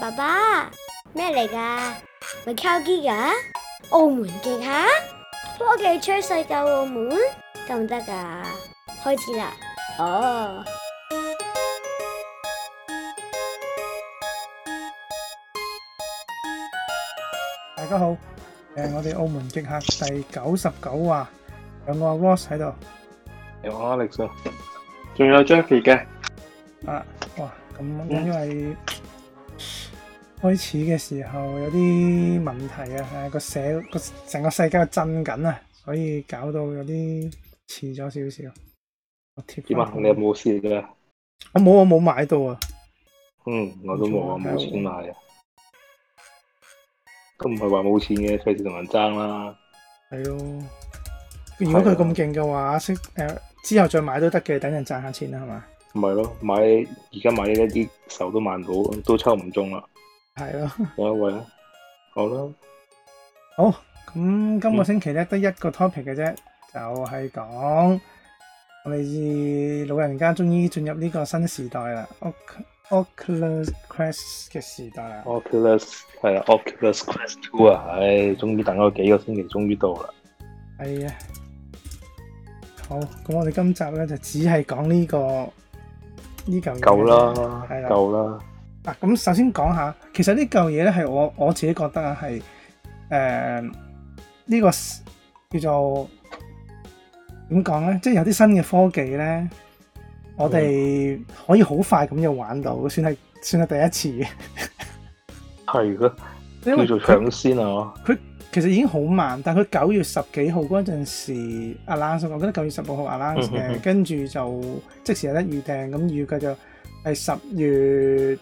爸爸，咩嚟噶？咪科技噶，澳門極客科技吹世界澳門得唔得噶？開始啦！哦，大家好，誒，我哋澳門極客第九十九話，兩個 Ross 喺度，有 Alex，仲有 Jeffrey 嘅，啊，哇，咁因為。開始嘅時候有啲問題啊，個社個成個世界震緊啊，所以搞到有啲遲咗少少。點啊？你有冇事嘅？我冇，我冇買到啊。嗯，我都冇，我冇錢買啊。都唔係話冇錢嘅，費事同人爭啦。係咯。如果佢咁勁嘅話，識誒之後再買都得嘅，等陣賺下錢啦，係嘛？唔係咯，買而家買呢一啲，手都慢好，都抽唔中啦。係 咯，下一位啦，好啦，好，咁今個星期咧，得一個 topic 嘅啫，就係、是、講我哋老人家終於進入呢個新時代啦 Oc，Oculus Quest 嘅時代啦，Oculus 係啊，Oculus Quest Two 啊、哎，唉，終於等咗幾個星期，終於到啦，係啊，好，咁我哋今集咧就只係講呢個呢嚿嘢啦，係、這、啦、個，夠啦。嗱，咁首先講下，其實呢嚿嘢咧係我我自己覺得係誒呢個叫做點講咧，即係有啲新嘅科技咧，我哋可以好快咁就玩到，算係算係第一次嘅。係噶，因為搶先啊！佢其實已經好慢，但係佢九月十幾號嗰陣時，阿 Langs，我覺得九月十六號阿 Langs 嘅，跟住就即時有得預訂，咁預計就係十月。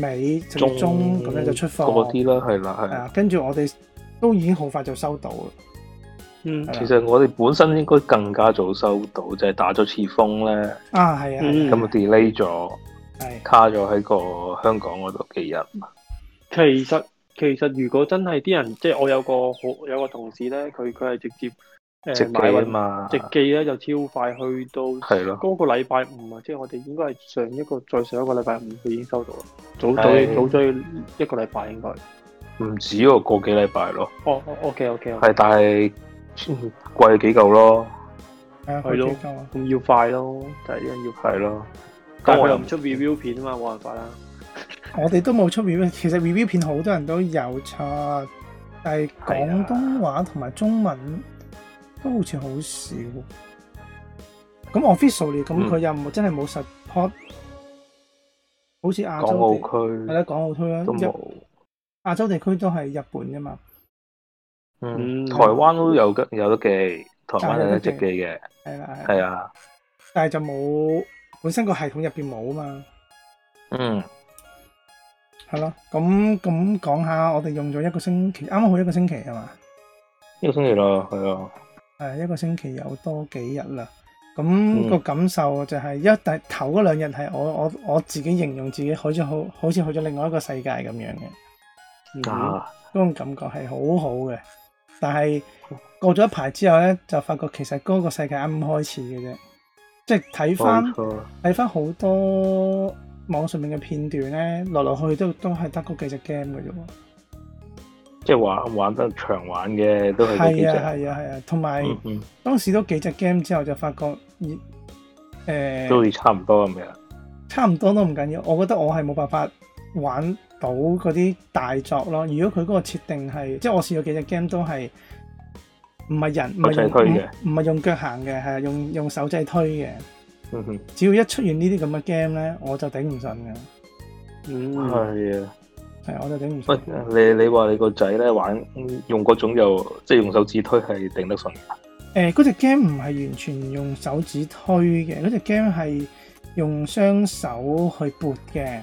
尾中中咁樣就出貨啲啦，係啦，係、啊啊啊。跟住我哋都已經好快就收到啦。嗯、啊，其實我哋本身應該更加早收到，就係、是、打咗次風咧。啊，係啊，咁、嗯、delay 咗，係、啊、卡咗喺個香港嗰度幾日、啊。其實其實如果真係啲人，即係我有個好有個同事咧，佢佢係直接。呃、直寄啊嘛！直寄咧就超快，去到嗰個禮拜五啊，即係我哋應該係上一個再上一個禮拜五，佢已經收到啦。早早早咗一個禮拜應該，唔止個過幾禮拜咯。哦，OK，OK，係，但係貴、嗯、幾嚿咯。係、yeah，咯，咁要快咯，但係啲人要快咯。但係佢又唔出 review 片啊嘛，冇辦法啦。我哋都冇出 review，其實 review 片好多人都有差，但係廣東話同埋中文是。都好似好少，咁 officially 咁佢又冇真係冇 support，好似亞洲區，係啦，港澳區啦，都冇亞洲地區都係日本噶嘛，嗯，台灣都有嘅，有得記，台灣有得記嘅，係啦，係啊，但係就冇本身個系統入邊冇啊嘛，嗯，係咯，咁咁講下，我哋用咗一個星期，啱啱好一個星期係嘛，一個星期咯，係啊。誒，一個星期有多幾日啦，咁、那個感受就係、是、一頭嗰兩日係我我我自己形容自己，好似好好似去咗另外一個世界咁樣嘅，嗰、啊、種、嗯那個、感覺係好好嘅。但係過咗一排之後呢，就發覺其實嗰個世界啱開始嘅啫，即係睇翻睇翻好多網上面嘅片段呢，落落去，去都是都係得嗰幾隻 game 嘅喎。即係玩玩得長玩嘅都係幾隻，係啊係啊係啊，同埋當時都幾隻 game 之後就發覺，誒，都係差唔多咁樣，差唔多都唔緊要。我覺得我係冇辦法玩到嗰啲大作咯。如果佢嗰個設定係，即係我試過幾隻 game 都係唔係人，唔係用腳，唔係用腳行嘅，係用用手掣推嘅。嗯哼，只要一出現呢啲咁嘅 game 咧，我就頂唔順嘅。嗯，係啊。我就頂唔順。喂、欸，你你話你個仔咧玩用嗰種又即係用手指推係頂得順噶？誒、欸，嗰隻 game 唔係完全用手指推嘅，嗰隻 game 係用雙手去撥嘅。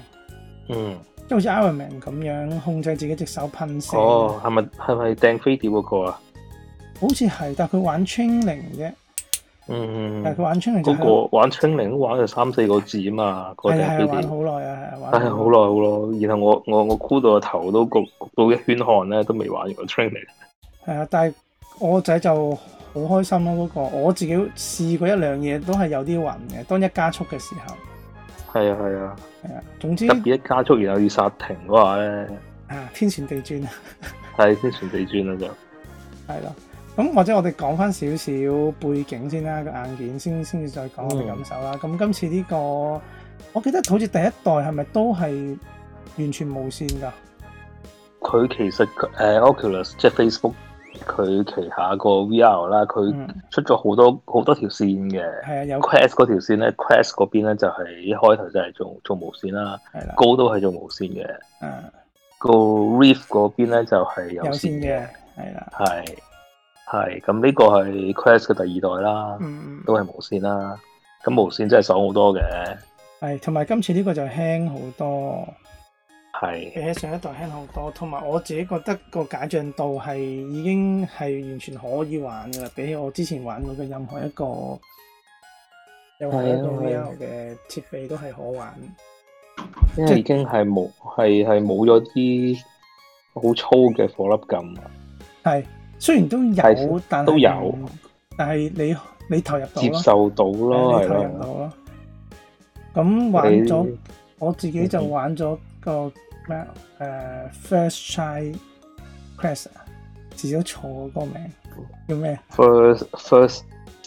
嗯，即係好似 Ironman 咁樣控制自己隻手噴射。哦，係咪係咪掟飛碟嗰個啊？好似係，但係佢玩 training 啫。嗯，但嗰、嗰個玩青檸都玩咗三四個字啊嘛，係係玩好耐啊，係玩，好耐好耐。然後我我我箍到個頭都焗焗到一圈汗咧，都未玩完青檸。係啊，但係我仔就好開心咯。嗰個我自己試過一兩嘢都係有啲暈嘅，當一加速嘅時候。係啊係啊。係啊，總之。特別一加速然後要剎停嘅話咧，啊天旋地轉，係 天旋地轉啊就係咯。咁或者我哋講翻少少背景先啦，個硬件先先至再講我哋感受啦。咁、嗯、今次呢、呢個，我記得好似第一代係咪都係完全無線噶？佢其實誒、呃、Oculus 即係 Facebook 佢旗下個 VR 啦，佢出咗好多好多條線嘅。係啊，有 Quest 嗰條線咧，Quest 嗰邊咧就係、係、一開頭就係做做無線啦，係啦，Go 都係做無線嘅。嗯，個 Rift 嗰邊咧就係有線嘅，係啦，係。係，咁呢個係 Quest 嘅第二代啦，嗯、都係無線啦。咁無線真係爽好多嘅。係，同埋今次呢個就輕好多。係比起上一代輕好多，同埋我自己覺得個解像度係已經係完全可以玩噶啦，比起我之前玩到嘅任何一個有 a i r 嘅設備都係可玩。即係、啊啊就是、已經係冇，係係冇咗啲好粗嘅火粒感。係。雖然都有，但係但係你你投入到咯，接受到咯，係咯。咁玩咗，我自己就玩咗個咩誒，first try quest 啊，自己都錯個名叫咩？first first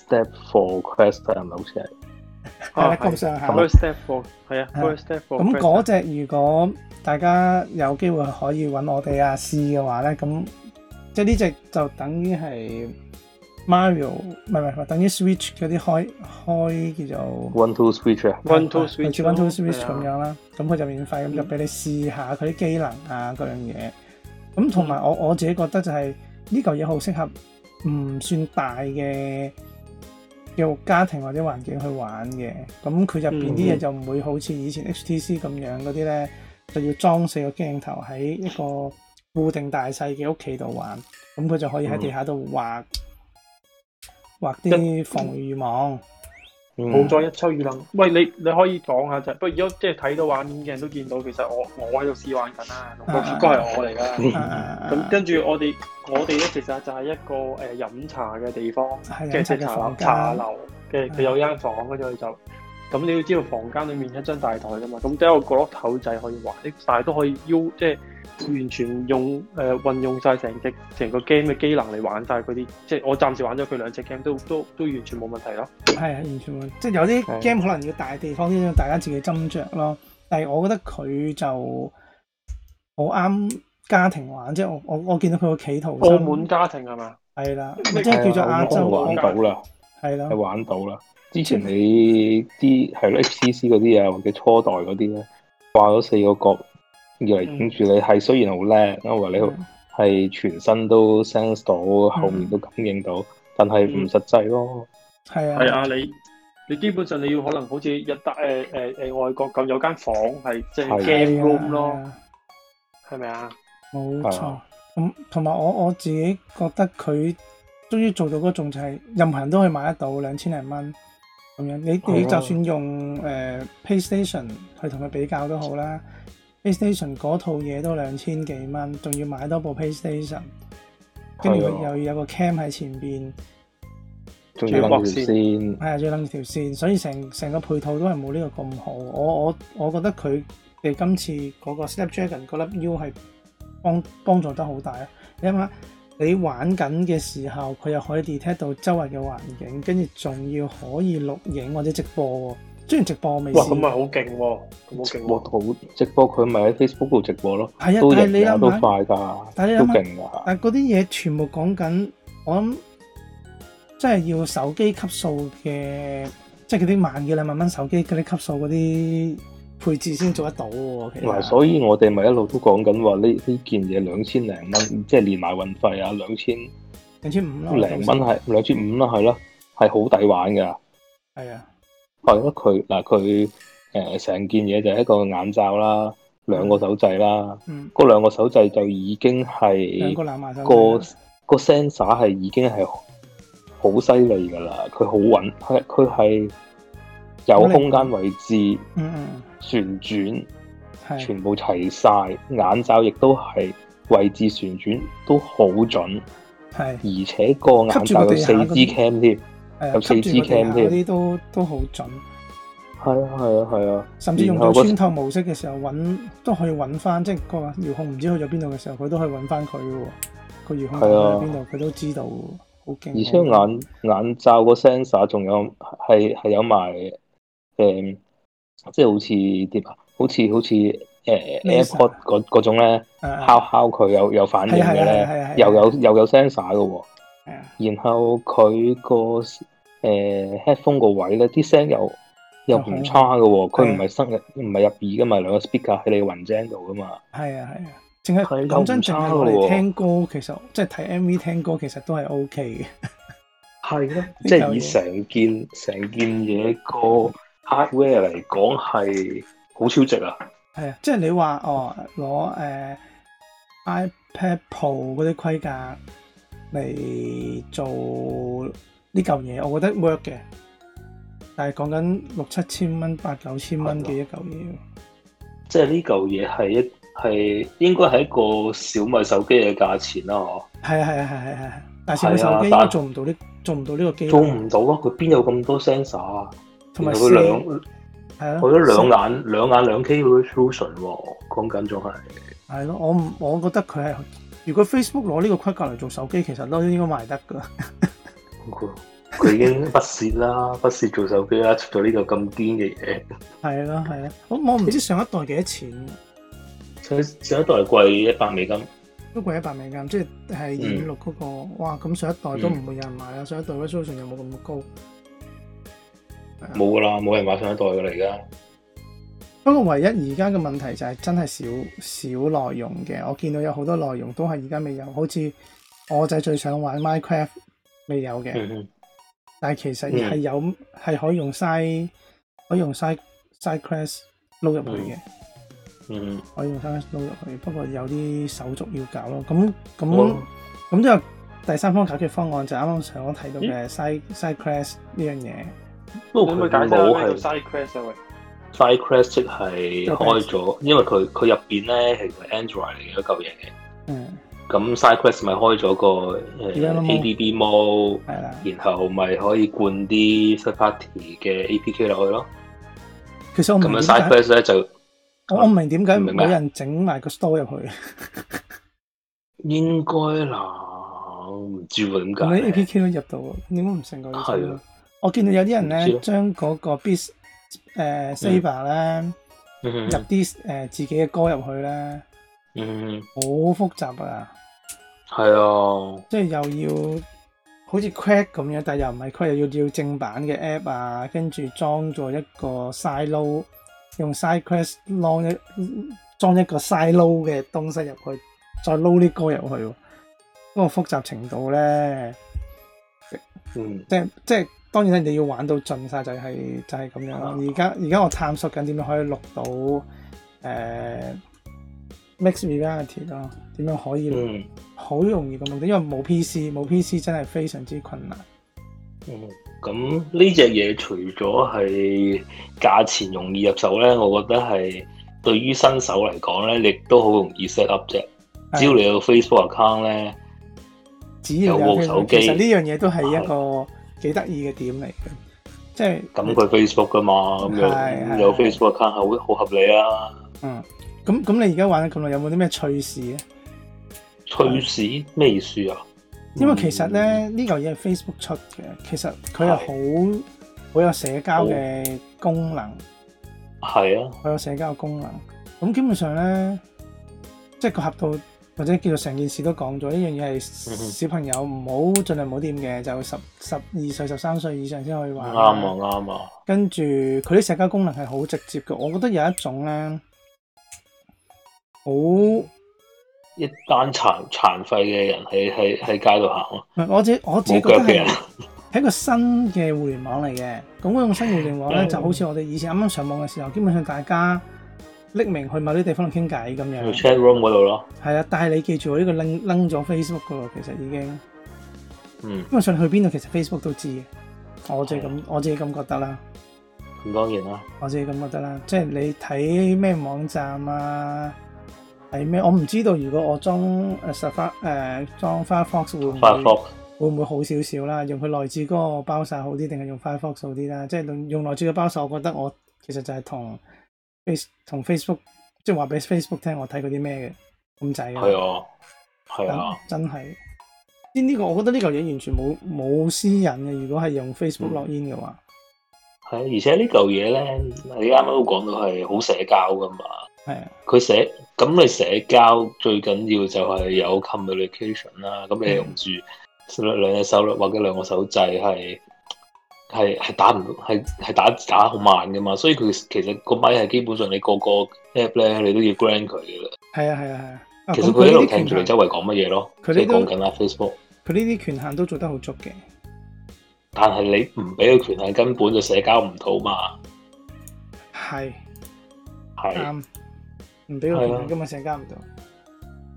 step for quest 啊，唔係好似係，係咁上下。first step for 係啊，first step for。咁嗰隻如果大家有機會可以搵我哋啊試嘅話咧，咁。呢隻就就等於係 Mario，唔係唔係，等於 Switch 嗰啲開開叫做 One Two Switch、啊、One Two Switch，One Two Switch 咁、嗯、樣啦。咁佢就免費咁、嗯、就俾你試下佢啲機能啊嗰樣嘢。咁同埋我我自己覺得就係呢嚿嘢好適合唔算大嘅，又家庭或者環境去玩嘅。咁佢入邊啲嘢就唔會好似以前 HTC 咁樣嗰啲咧，就要裝四個鏡頭喺一個。嗯固定大細嘅屋企度玩，咁佢就可以喺地下度畫畫啲防禦網，好咗一吹雨淋。喂、嗯，你、嗯、你、嗯嗯嗯、可以講下啫，不如如果即係睇到畫面嘅人都見到，其實我我喺度試玩緊啦，個主角係我嚟㗎。咁、啊啊嗯嗯、跟住我哋我哋咧，其實就係一個誒飲茶嘅地方，即係茶茶樓嘅佢有一間房間，跟住佢就。咁你要知道，房間裏面一張大台噶嘛，咁第一個角落頭仔可以玩，但係都可以用，即係完全用誒、呃、運用晒成隻成個 game 嘅機能嚟玩晒。嗰啲，即係我暫時玩咗佢兩隻 game 都都都完全冇問題咯。係啊，完全冇。即係有啲 game 可能要大地方、啊、先，大家自己斟酌咯。但係我覺得佢就好啱家庭玩，即係我我我見到佢個企圖，澳門家庭係嘛？係啦、啊，即係叫做亞洲玩到啦，係啦，啊、就玩到啦。之前你啲係咧 HCC 嗰啲啊，或者初代嗰啲咧，掛咗四個角，以嚟影住你係、嗯，雖然好叻，因為你係全身都 sense 到、嗯，後面都感應到，但係唔實際咯。係、嗯、啊，係啊，你你基本上你要可能好似一搭誒誒誒外國咁有間房係即係 game room 咯，係咪啊？冇錯、啊。咁同埋我我自己覺得佢終於做到嗰種就係，任何人都可以買得到兩千零蚊。咁樣，你你就算用誒、啊呃、PlayStation 去同佢比較都好啦，PlayStation 嗰套嘢都兩千幾蚊，仲要買多部 PlayStation，跟住、啊、又要有一個 cam 喺前邊，仲要掹條線，係啊，仲要掹條線，所以成成個配套都係冇呢個咁好。我我我覺得佢哋今次嗰個 Snapdragon 嗰粒 U 係幫幫助得好大啊！你諗下。你玩緊嘅時候，佢又可以 detect 到周圍嘅環境，跟住仲要可以錄影或者直播喎。雖然直播未哇，咁咪好勁喎！好勁喎、好、啊、直播，佢咪喺 Facebook 度直播咯，係呀，都影都快㗎，都勁㗎。但係嗰啲嘢全部講緊，我諗真係要手機級數嘅，即係嗰啲萬幾兩萬蚊手機嗰啲級數嗰啲。配置先做得到喎、啊。所以我哋咪一路都講緊話呢呢件嘢兩千零蚊，即係連埋運費啊，兩千兩千五咯。零蚊係兩千五啦，係咯，係好抵玩噶。係啊，係咯，佢嗱佢誒成件嘢就係一個眼罩啦，兩個手掣啦，嗰、嗯、兩個手掣就已經係個個 sensor 係已經係好犀利噶啦，佢好穩，佢係。有空間位置，嗯，旋轉，係全部齊晒，眼罩亦都係位置旋轉都好準，係，而且個眼罩有四支 cam 添，有四支 cam 添，嗰啲、啊、都都好準，係啊係啊係啊，甚至用到穿透模式嘅時候，揾都可以揾翻，即係個遙控唔知去咗邊度嘅時候，佢都可以揾翻佢嘅喎，個遙控喺邊度佢都知道，好勁。而且眼眼罩個 sensor 仲有係係有埋。誒、嗯，即係好似啲，好似好似誒 AirPod 嗰嗰種咧，敲敲佢有有反應嘅咧、yeah.，又有又有 sensor 嘅喎。Yeah. 然後佢、個誒 headphone 個位咧，啲聲又又唔差嘅喎。佢唔係塞嘅，唔、yeah. 係入耳噶嘛，兩個 speaker 喺你雲漿度噶嘛。係啊係啊，淨係講真，淨係我嚟聽歌，其實即係睇 MV 聽歌，其實都係 OK 嘅。係 咯，即係以成件成件嘢個。Hardware 嚟講係好超值啊！係啊，即係你話哦，攞誒、呃、iPad Pro 嗰啲規格嚟做呢嚿嘢，我覺得 work 嘅。但係講緊六七千蚊、八九千蚊嘅一嚿嘢，即係呢嚿嘢係一係應該係一個小米手機嘅價錢啦，嗬？係啊係啊係係係係，但係小米手機應該做唔到呢做唔到呢個機，做唔到咯，佢邊有咁多 sensor 啊？佢兩係咯，佢都兩眼、兩眼、兩 K resolution 喎，講緊仲係係咯，我唔我覺得佢係，如果 Facebook 攞呢個規格嚟做手機，其實都應該賣得噶。佢已經不屑啦， 不屑做手機啦，做呢個咁堅嘅嘢。係咯係咯，我我唔知上一代幾多錢。佢上一代係貴一百美金，都貴一百美金，即係二五六嗰個、嗯。哇，咁上一代都唔會有人買啊、嗯！上一代 resolution 又冇咁高。冇噶啦，冇人買上一代噶啦而家。不過唯一而家嘅問題就係真係少少內容嘅，我見到有好多內容都係而家未有，好似我仔最想玩 Minecraft 未有嘅。 但係其實係有係 可以用 Side，可以用 Side SideCraft 撈入去嘅。嗯 可以用 Side 撈入去，不過有啲手續要搞咯。咁咁咁都有第三方解決方案，就啱、是、啱上我睇到嘅 Side SideCraft 呢樣嘢。都佢冇係 SideQuest 即係開咗，因為佢佢入邊咧係 Android 嚟嘅一嚿嘢嘅。嗯，咁 SideQuest 咪開咗個誒 ADB mode，係啦，然後咪可以灌啲 third party 嘅 APK 落去咯。其實我唔明點解、啊，我我唔明點解冇人整埋個 store 入去。 應該啦，唔知點解。A P K 都入到，點解唔成個？我見到有啲人咧，將嗰個 Beat、呃、Saber 咧、嗯嗯嗯嗯，入啲誒、呃、自己嘅歌入去咧，好、嗯嗯、複雜啊！係、嗯、啊、嗯嗯，即係又要好似 Crack 咁樣，但係又唔係 Crack，又要要正版嘅 App 啊，跟住裝咗一個 Silo，用 SideQuest 一裝一個 Silo 嘅東西入去，再撈啲歌入去，嗰、嗰個複雜程度咧，嗯，即係即係。當然咧，你哋要玩到盡晒就係、是、就係、是、咁樣咯。而家而家我在探索緊點樣可以錄到誒 mixed reality 咯。點、呃、樣可以？嗯，好容易咁咯，因為冇 PC，冇 PC 真係非常之困難。咁呢隻嘢除咗係價錢容易入手咧，我覺得係對於新手嚟講咧，亦都好容易 set up 啫。只要你有 Facebook account 咧，只要有部手機，其實呢樣嘢都係一個。幾得意嘅點嚟嘅，即係咁佢 Facebook 㗎嘛，咁樣有，有 Facebook account 好好合理啊。嗯，咁咁你而家玩咗咁耐，有冇啲咩趣事啊？趣事咩、嗯、意思啊？因為其實咧呢嚿嘢係 Facebook 出嘅，其實佢係好好有社交嘅功能。係、哦、啊，好有社交嘅功能。咁、啊、基本上咧，即係個合作。或者叫做成件事都講咗，呢樣嘢係小朋友唔好盡量唔好掂嘅，就十十二歲、十三歲以上先可以玩。啱、嗯、啊，啱啊。跟住佢啲社交功能係好直接嘅，我覺得有一種咧，好一單殘殘廢嘅人喺喺喺街度行咯。我自己我自己覺得係一個新嘅互聯網嚟嘅。咁嗰種新互聯網咧、嗯，就好似我哋以前啱啱上網嘅時候，基本上大家。匿名去某啲地方傾偈咁樣，去 chat room 嗰度咯。係啊，但係你記住，我呢個拎咗 Facebook 㗎喎，其實已經，嗯，咁我想去邊度，其實 Facebook 都知嘅。我自己咁，我自己咁覺得啦。咁當然啦。我自己咁覺得啦、嗯，即係你睇咩網站啊，睇咩？我唔知道。如果我裝誒實翻誒裝 Firefox 會唔會，會唔會好少少啦？用佢內置嗰個包晒好啲，定係用 Firefox 好啲啦？即係用內置嘅包曬，我覺得我其實就係同。即係同 Facebook，即係話俾 Facebook 聽我睇嗰啲咩嘅咁仔咯。係啊，係啊，真係。呢、這、呢個我覺得呢嚿嘢完全冇冇私隱嘅。如果係用 Facebook 落 in 嘅話，係、嗯、啊。而且呢嚿嘢咧，你啱啱都講到係好社交噶嘛。係啊。佢社咁你社交最緊要就係有 communication 啦。咁你用住兩兩隻手啦、嗯，或者兩個手掣係。係係打唔到，係係打打好慢嘅嘛，所以佢其實個咪係基本上你個個 app 咧，你都要 grant 佢嘅啦。係啊係啊係啊，啊。其實佢喺度聽住你周圍講乜嘢咯，你講緊啦 Facebook。佢呢啲權限都做得好足嘅，但係你唔俾佢權限，根本就社交唔到嘛。係係，啱，唔俾佢權限根本社交唔到。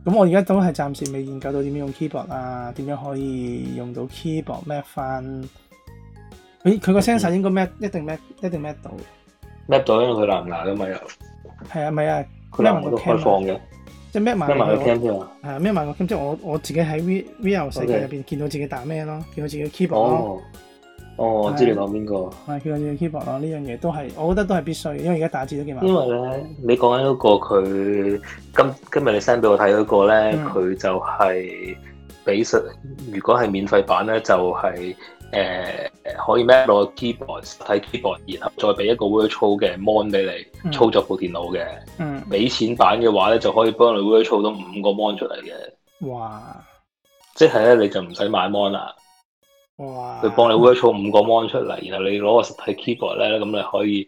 咁、嗯、我而家、啊、都係暫時未研究到點樣用 keyboard 啊，點樣可以用到 keyboard 咩？翻。佢佢個聲勢應該 match，一定 match 一定 match 到 match 到，因為佢拿唔，啊啊、拿咪。嘛又，係啊咪啊 match 埋個 camera，即係 match 埋 match 埋 camera 係 match，即係我我自己喺 VR 世界入邊見到自己打咩咯，見到自己 keyboard 咯，哦哦啊，哦，我知你講邊個，係、嗯、見到自己 keyboard 咯，呢樣嘢都係，我覺得都係必須，因為而家打字都幾慢，因為咧你講緊嗰個佢今今日你 send 俾我睇嗰，那個咧，佢、嗯、就係俾實，如果係免費版咧就係、是。誒、呃、可以咩？攞個 keyboard，睇 keyboard，然後再俾一個 virtual 嘅 mon 俾你操作部電腦嘅。嗯。俾錢、嗯、版嘅話咧，就可以幫你 virtual 到五個 mon 出嚟嘅。哇！即係咧，你就唔使買 mon 啦。哇！佢幫你 virtual 五個 mon 出嚟，然後你攞個實體 keyboard 咧，咁你可以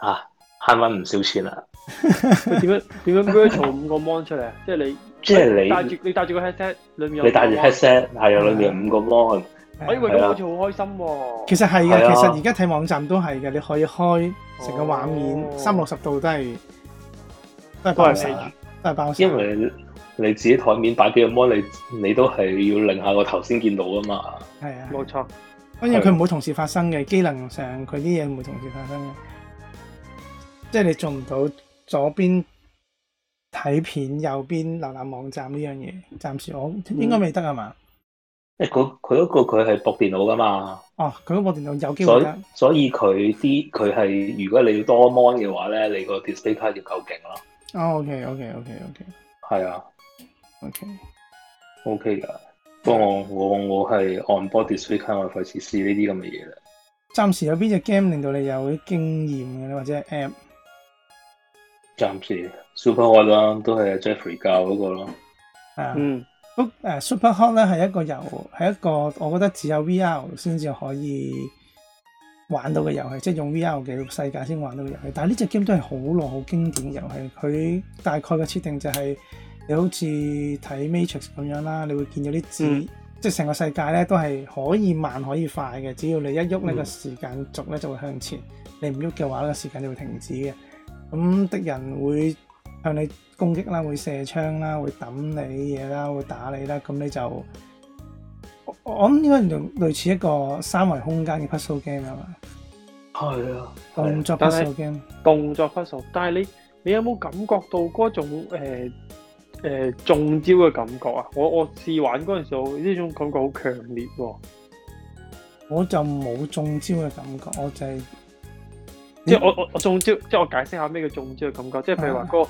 啊慳翻唔少錢啦。佢點 樣點樣 virtual 五個 mon 出嚟？ 即係你即係你戴住你戴住個 headset 裡面有5，你戴住 headset 係啊，裡面五個 mon。我以為咁好似好開心喎！其實係嘅，其實而家睇網站都係嘅，你可以開成個畫面，三六十度都係都係，因為你，你自己台面擺幾隻魔，你你都係要擰下個頭先見到噶嘛。係啊，冇錯。跟住佢唔會同時發生嘅，機能上佢啲嘢唔會同時發生嘅。即係你做唔到左邊睇片，右邊瀏覽網站呢樣嘢。暫時我應該未得啊嘛？嗯佢嗰個佢係駁電腦噶嘛？哦，佢嗰駁電腦有機會以所以佢啲佢係，如果你要多 mon 嘅話咧，你個 display 卡要夠勁咯。哦，OK，OK，OK，OK。係 okay, okay, okay, okay. 啊。OK，OK okay. Okay 噶。不過我我我係 on board display 卡，我費事試呢啲咁嘅嘢啦。暫時有邊隻 game 令到你有啲經驗嘅咧，或者係 app？暫時 Super Hot 啦，都係阿 Jeffrey 教嗰個咯。係啊。嗯。誒，Superhot 咧係一個遊，係一個我覺得只有 VR 先至可以玩到嘅遊戲，即係用 VR 嘅世界先玩到嘅遊戲。但係呢隻 game 都係好耐好經典嘅遊戲。佢大概嘅設定就係、是，你好似睇 Matrix 咁樣啦，你會見到啲字，嗯、即係成個世界咧都係可以慢可以快嘅，只要你一喐呢個時間軸咧就會向前，你唔喐嘅話呢個時間就會停止嘅。咁敵人會。向你攻擊啦，會射槍啦，會揼你啲嘢啦，會打你啦，咁你就我我諗應該類似一個三維空間嘅 Puzzle Game 吖嘛？係啊，動作 Puzzle Game，動作 Puzzle。但係你你有冇感覺到嗰種誒誒中招嘅感覺啊？我我試玩嗰陣時候呢種感覺好強烈，我就冇中招嘅感覺，我就係即係我我我中招，即係我解釋下咩叫中招嘅感覺，即係譬如話嗰。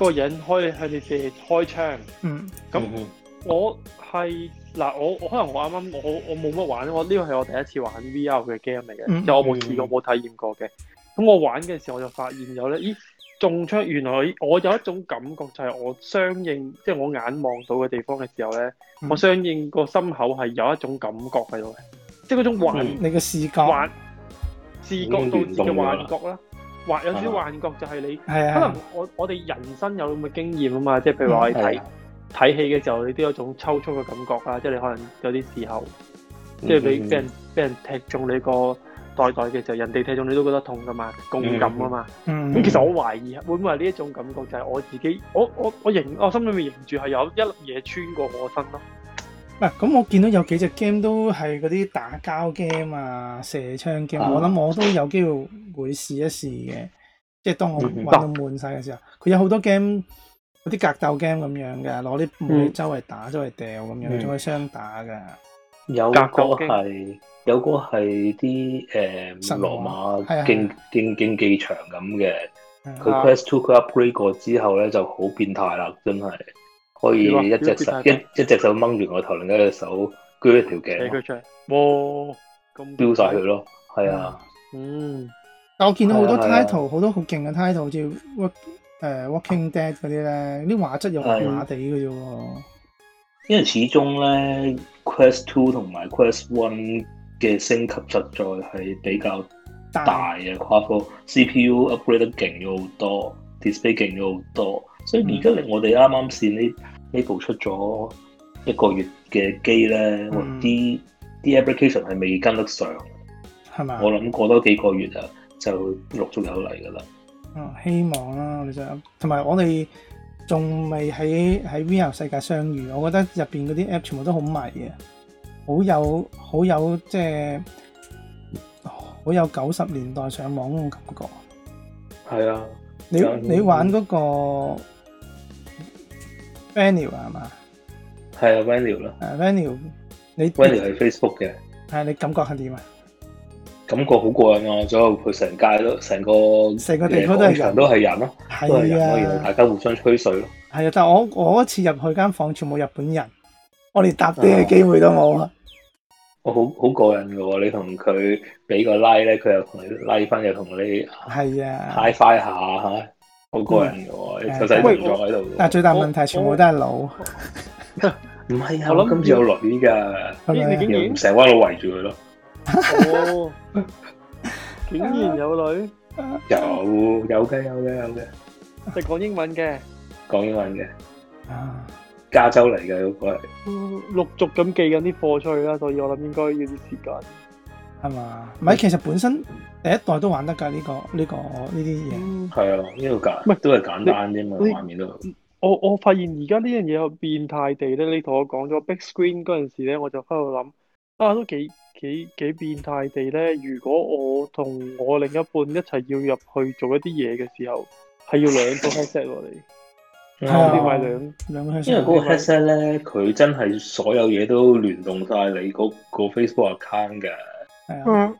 個人開向你哋開槍，咁、嗯、我係嗱、嗯嗯嗯、我我可能我啱啱我我冇乜玩，我呢、呢個係我第一次玩 VR 嘅 game 嚟嘅，就係、我冇試過冇體驗過嘅。咁我玩嘅時候我就發現有咧，咦中槍！原來我有一種感覺就係我相應，即、就、係、係、我眼望到嘅地方嘅時候咧、嗯，我相應的個心口係有一種感覺喺度嘅，即係嗰種幻、嗯，你嘅視覺視覺導致嘅幻覺啦。那或有少幻覺，就係係、啊係啊覺係啊，就係、係、你可能我我哋人生有咁嘅經驗啊嘛，即係譬如話我哋睇睇戲嘅時候，嗯、你都有種抽搐嘅感覺啊，即係你可能有啲時候，即係你俾人俾人踢中你個袋袋嘅時候，人哋踢中你都覺得痛噶嘛，共感啊嘛。咁、嗯嗯、其實我懷疑會唔會係呢一種感覺，就係我自己，我我我認，我心裏面認住係有一粒嘢穿過我身咯。嗱，咁我見到有幾隻 game 都係嗰啲打交 game 啊、射槍 game，我諗我都有機會會試一試嘅。即係當我玩到悶晒嘅時候，佢有好多 game 嗰啲格鬥 game 咁樣嘅，攞啲武器周圍打、周圍掉咁樣，仲可以雙打嘅。有個係有個係啲誒羅馬競競競技場咁嘅，佢 Quest Two 佢 upgrade 過之後咧就好變態啦，真係。可以一隻手、啊、一一隻手掹住我頭，另一隻手鋸一條頸出，哇！咁飈晒佢咯，係、嗯、啊。嗯，但我見到好多 title，好、啊啊、多好勁嘅 title，好似、呃《Walking Dead》嗰啲咧，啲畫質又麻麻地嘅啫喎。因為始終咧，Quest Two 同埋 Quest One 嘅升級實在係比較大嘅跨科，CPU upgrade 得勁咗好多，display 勁咗好多，所以而家令我哋啱啱線呢，呢部出咗一個月嘅機咧，啲啲 application 係未跟得上，我諗過多幾個月就就陸續有嚟噶啦。嗯、哦，希望啦、啊，你想，同埋我哋仲未喺喺 VR 世界相遇，我覺得入邊嗰啲 app 全部都好迷嘅，好有好有即係好有九十年代上網嗰種感覺。係啊，你啊你玩嗰、嗰個？嗯 Venue 啊嘛，係啊 Venue 咯，Venue 你 Venue 係 Facebook 嘅，係、啊、你感覺係點啊？感覺好過癮啊！咁後佢成街都成個成個地方都係場都係人咯、啊，都係人咯，以大家互相吹水咯。係啊，但係我我嗰次入去間房間全部日本人，我哋搭啲嘅機會都冇、嗯嗯嗯哦、啊！我好好過癮嘅，你同佢俾個 like 咧，佢又同你 like 翻，又同你係啊 high five 下吓。好過人嘅喎，實在唔在喺度嘅。但係最大問題全部都係佬，唔係啊！我諗今次有女噶，竟然成灣佬圍住佢咯。哦，竟然有女，有有嘅有嘅有嘅，即係講英文嘅，講英文嘅，加州嚟嘅好鬼。嗯，陸續咁寄緊啲貨出去啦，所以我諗應該要啲時間。係嘛？唔係，其實本身第一代都玩得㗎。呢、呢個呢、呢個呢啲嘢係啊，呢個乜都係簡單啫嘛，畫面都。我我發現而家呢樣嘢有變態地咧。你同我講咗 Big Screen 嗰陣時咧，我就喺度諗啊，都幾幾幾變態地咧。如果我同我另一半一齊要入去做一啲嘢嘅時候，係要兩個 headset 落、啊、嚟，啱啱啲買兩兩個 headset 咧。因為嗰個 headset 咧，佢真係所有嘢都聯動晒你嗰、嗰個 Facebook account 㗎。啊、嗯，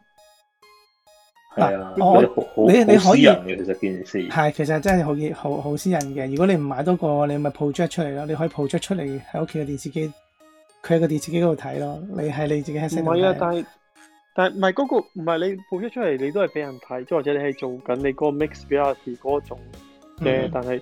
嗱、啊、我你你可以其實件事係其實真係可以好好私人嘅。如果你唔買多個，你咪 project 出嚟咯。你可以 project 出嚟喺屋企嘅電視機，佢喺個電視機嗰度睇咯。你係你自己 set 唔係啊？但係但係唔係嗰個唔係你 project 出嚟，你都係俾人睇。即或者你係做緊你嗰個 mix reality 嗰種咧、嗯，但係。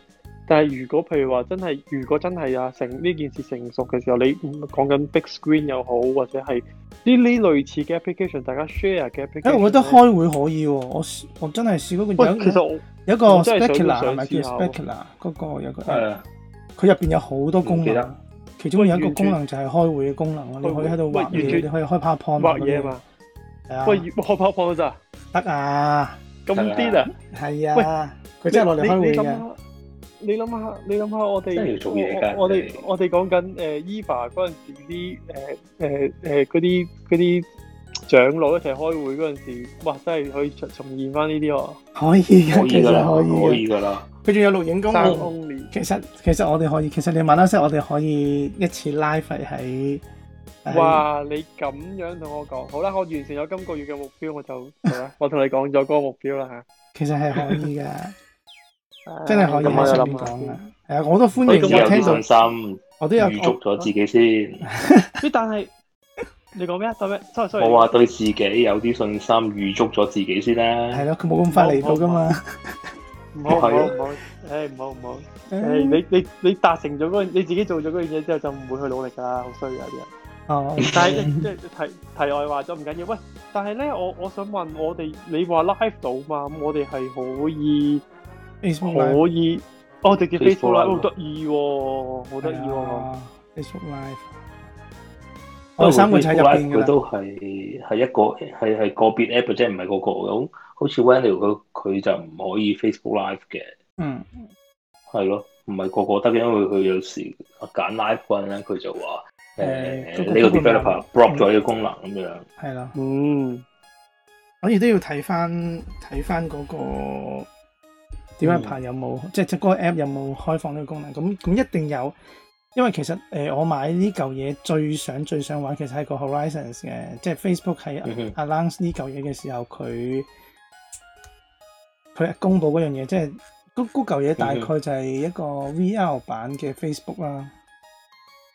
但係如果譬如話真係，如果真係啊成呢件事成熟嘅時候，你講緊 big screen 又好，或者係呢呢類似嘅 application，大家 share 嘅 application、欸。我覺得開會可以、哦，我我真係試過一個有，有個 specular 唔係叫 specular，嗰、那個有個，佢入邊有好多功能，其中有一個功能就係開會嘅功能，你可以喺度畫嘢，你可以開 PowerPoint 咁樣。畫嘢啊嘛，係啊，開 PowerPoint 噶咋？得啊，咁啲啊，係啊，佢真係落嚟開會嘅。你諗下，你諗下，我哋我我哋我哋講緊誒，Eva 嗰陣時啲誒誒誒嗰啲嗰啲長老一齊開會嗰陣時，哇，真係可以重，重現翻呢啲喎。可以噶啦，可以噶啦，佢仲有錄影功能。其實其實，其實我哋可以，其實你慢啲先，我哋可以一次 live 喺。哇！你咁樣同我講，好啦，我完成咗今個月嘅目標，我就， 我同你講咗嗰個目標啦吓。其實係可以嘅。 真係可以咁講嘅，係啊，我都歡迎。有啲信心，我都有預祝咗自己先。但係你講咩啊？對咩？我話對自己有啲信心，預祝咗自己先啦。係咯，佢冇咁快嚟到噶嘛。唔好唔好，誒唔好唔好，誒你你你達成咗嗰樣，你自己做咗嗰樣嘢之後就唔會去努力噶啦，好衰啊啲人。哦，但係即係提提外話咗，唔緊要。喂，但係咧，我我想問我哋，你話 live 到嘛？咁我哋係可以。可以，哦，直接 Facebook Live 好得意喎，好得意喎，Facebook Live。我哦，三個仔入邊佢都係係一個係係個別 app 啫，唔係個個咁。好似 Wendy 佢佢就唔可以 Facebook Live 嘅。嗯，係咯，唔係個個得，因為佢有時啊揀 live 嗰陣咧，佢就話誒呢個 developer block 咗呢個功能咁樣。係啦，嗯，所以都要睇翻睇翻嗰個。這個點樣拍有冇？即係即係個 app 有冇開放呢個功能？咁咁一定有，因為其實誒、呃、我買呢舊嘢最想最想玩，其實係個 Horizons 嘅，即、就、係、是、Facebook 喺 announce 呢舊嘢嘅時候，佢佢公布嗰樣嘢，即係嗰嗰舊嘢大概就係一個 VR 版嘅 Facebook 啦。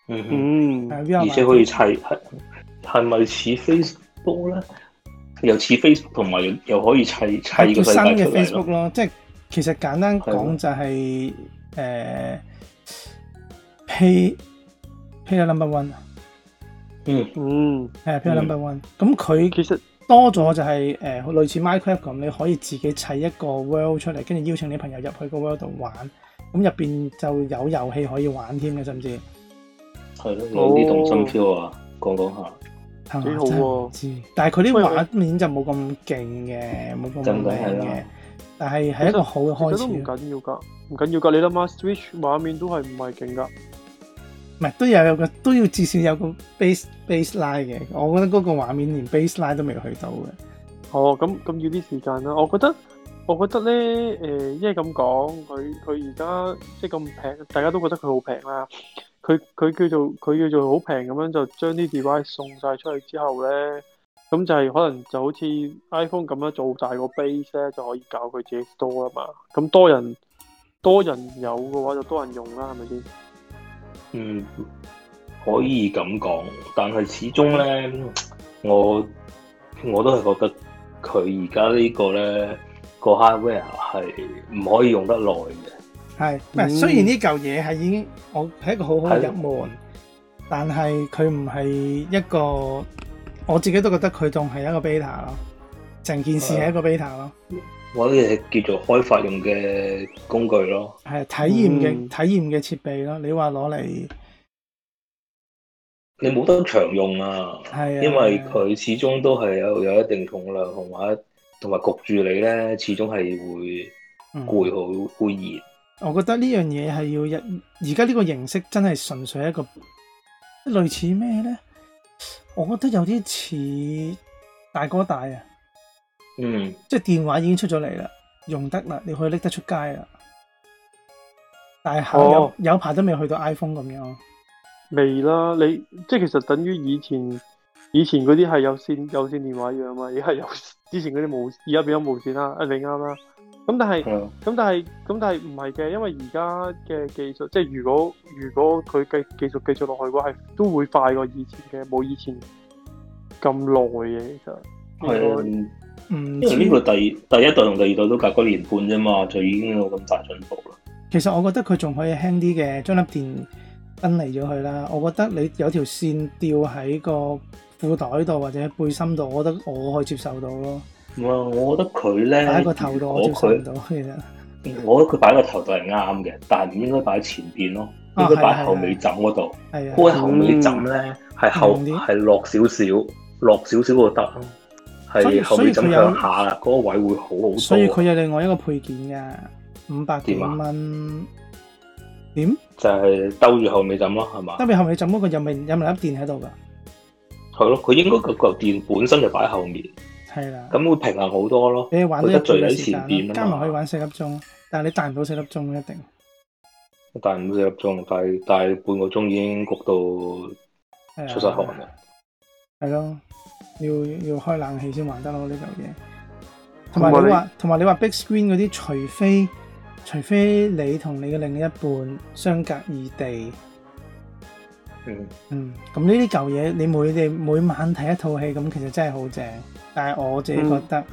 嗯，VR 而且可以砌係咪似 Facebook 咧？又似 Facebook 同埋又可以砌砌個世界出嚟咯，即、嗯、係。其實簡單講就係、是、誒、呃、Pay Pay the Number One。嗯嗯，係、yeah, Pay the Number、嗯、One、就是。咁佢其實多咗就係誒，類似 Minecraft，你可以自己砌一個 World 出嚟，跟住邀請你朋友入去個 World 度玩。咁入邊就有遊戲可以玩添嘅，甚至係咯，有啲動心 feel 啊！講講下，幾、嗯欸、好、啊知。但係佢啲畫面就冇咁勁嘅，冇咁靚嘅。但係係一個好嘅開始，都唔緊要噶，唔緊要噶。你諗下，Switch 畫面都係唔係勁噶，唔係都有，有個都要至少有個 base base line 嘅。我覺得嗰個畫面連 base line 都未去到嘅。哦，咁咁要啲時間啦。我覺得我覺得咧，誒、呃，因為咁講，佢佢而家即係咁平，大家都覺得佢好平啦。佢佢叫做佢叫做好平咁樣，就將啲 device 送晒出去之後咧。咁就係可能就好似 iPhone 咁樣做大個 base 咧，就可以教佢自己多啦嘛。咁多人多人有嘅話，就多人用啦，係咪先？嗯，可以咁講，但係始終咧，我我都係覺得佢而家呢個咧個 hardware 係唔可以用得耐嘅。係，唔係雖然呢舊嘢係已經我係一個好好嘅入門，但係佢唔係一個。我自己都覺得佢仲係一個 beta 咯，成件事係一個 beta 咯，啊。我哋係叫做開發用嘅工具咯，係、啊、體驗嘅、嗯、體驗嘅設備咯。你話攞嚟，你冇得常用啊。係、啊，因為佢始終都係有有一定重量同埋、，同埋焗住你咧，始終係會攰、好熱。我覺得呢樣嘢係要一而家呢個形式真係純粹一個類似咩咧？我覺得有啲似大哥大啊，嗯，即係電話已經出咗嚟啦，用得啦，你可以拎得出街啦。但係後有排、哦、都未去到 iPhone 咁樣的。未啦，你即係其實等於以前以前嗰啲係有線有線電話一樣嘛，而係有之前嗰啲無，而家變咗無線啦，啊你啱啦。咁但係，咁但係，咁但係唔係嘅，因為而家嘅技術，即係如果如果佢繼技術繼續落去嘅話，係都會快過以前嘅，冇以前咁耐嘅。其實係啊，因為呢個第第一代同第二代都隔咗年半啫嘛，就已經有咁大進步啦。其實我覺得佢仲可以輕啲嘅，將粒電分離咗去啦。我覺得你有條綫吊喺個褲袋度或者背心度，我覺得我可以接受到咯。唔，我覺得佢咧，我佢，我覺得佢擺個頭度係啱嘅，但係唔應該擺前面咯，應該擺後尾枕嗰度。喎，後尾枕咧係、嗯、後係落少少，落少少就得。係、嗯、後尾枕向下啊，嗰個位會好好多。所以佢有、那個啊、有另外一個配件㗎，五百幾蚊。點？就係兜住後尾枕咯，係嘛？兜住後尾枕嗰，那個有咪有咪粒電喺度㗎？係咯，佢應該個嚿電本身就擺後面。係啦，咁會平衡好多咯。你玩得一,一聚喺前邊，加埋可以玩四粒鐘，但係你大唔到四粒鐘一定。我大唔到四粒鐘，但係大半個鐘已經焗到出晒汗嘅。係咯，要要開冷氣先還得到呢嚿嘢。同埋你話，同埋你話 big screen 嗰啲，除非除非你同你嘅另一半相隔異地。嗯，嗯，咁呢啲舊嘢，你每你每晚睇一套戲，咁其實真係好正。但係我自己覺得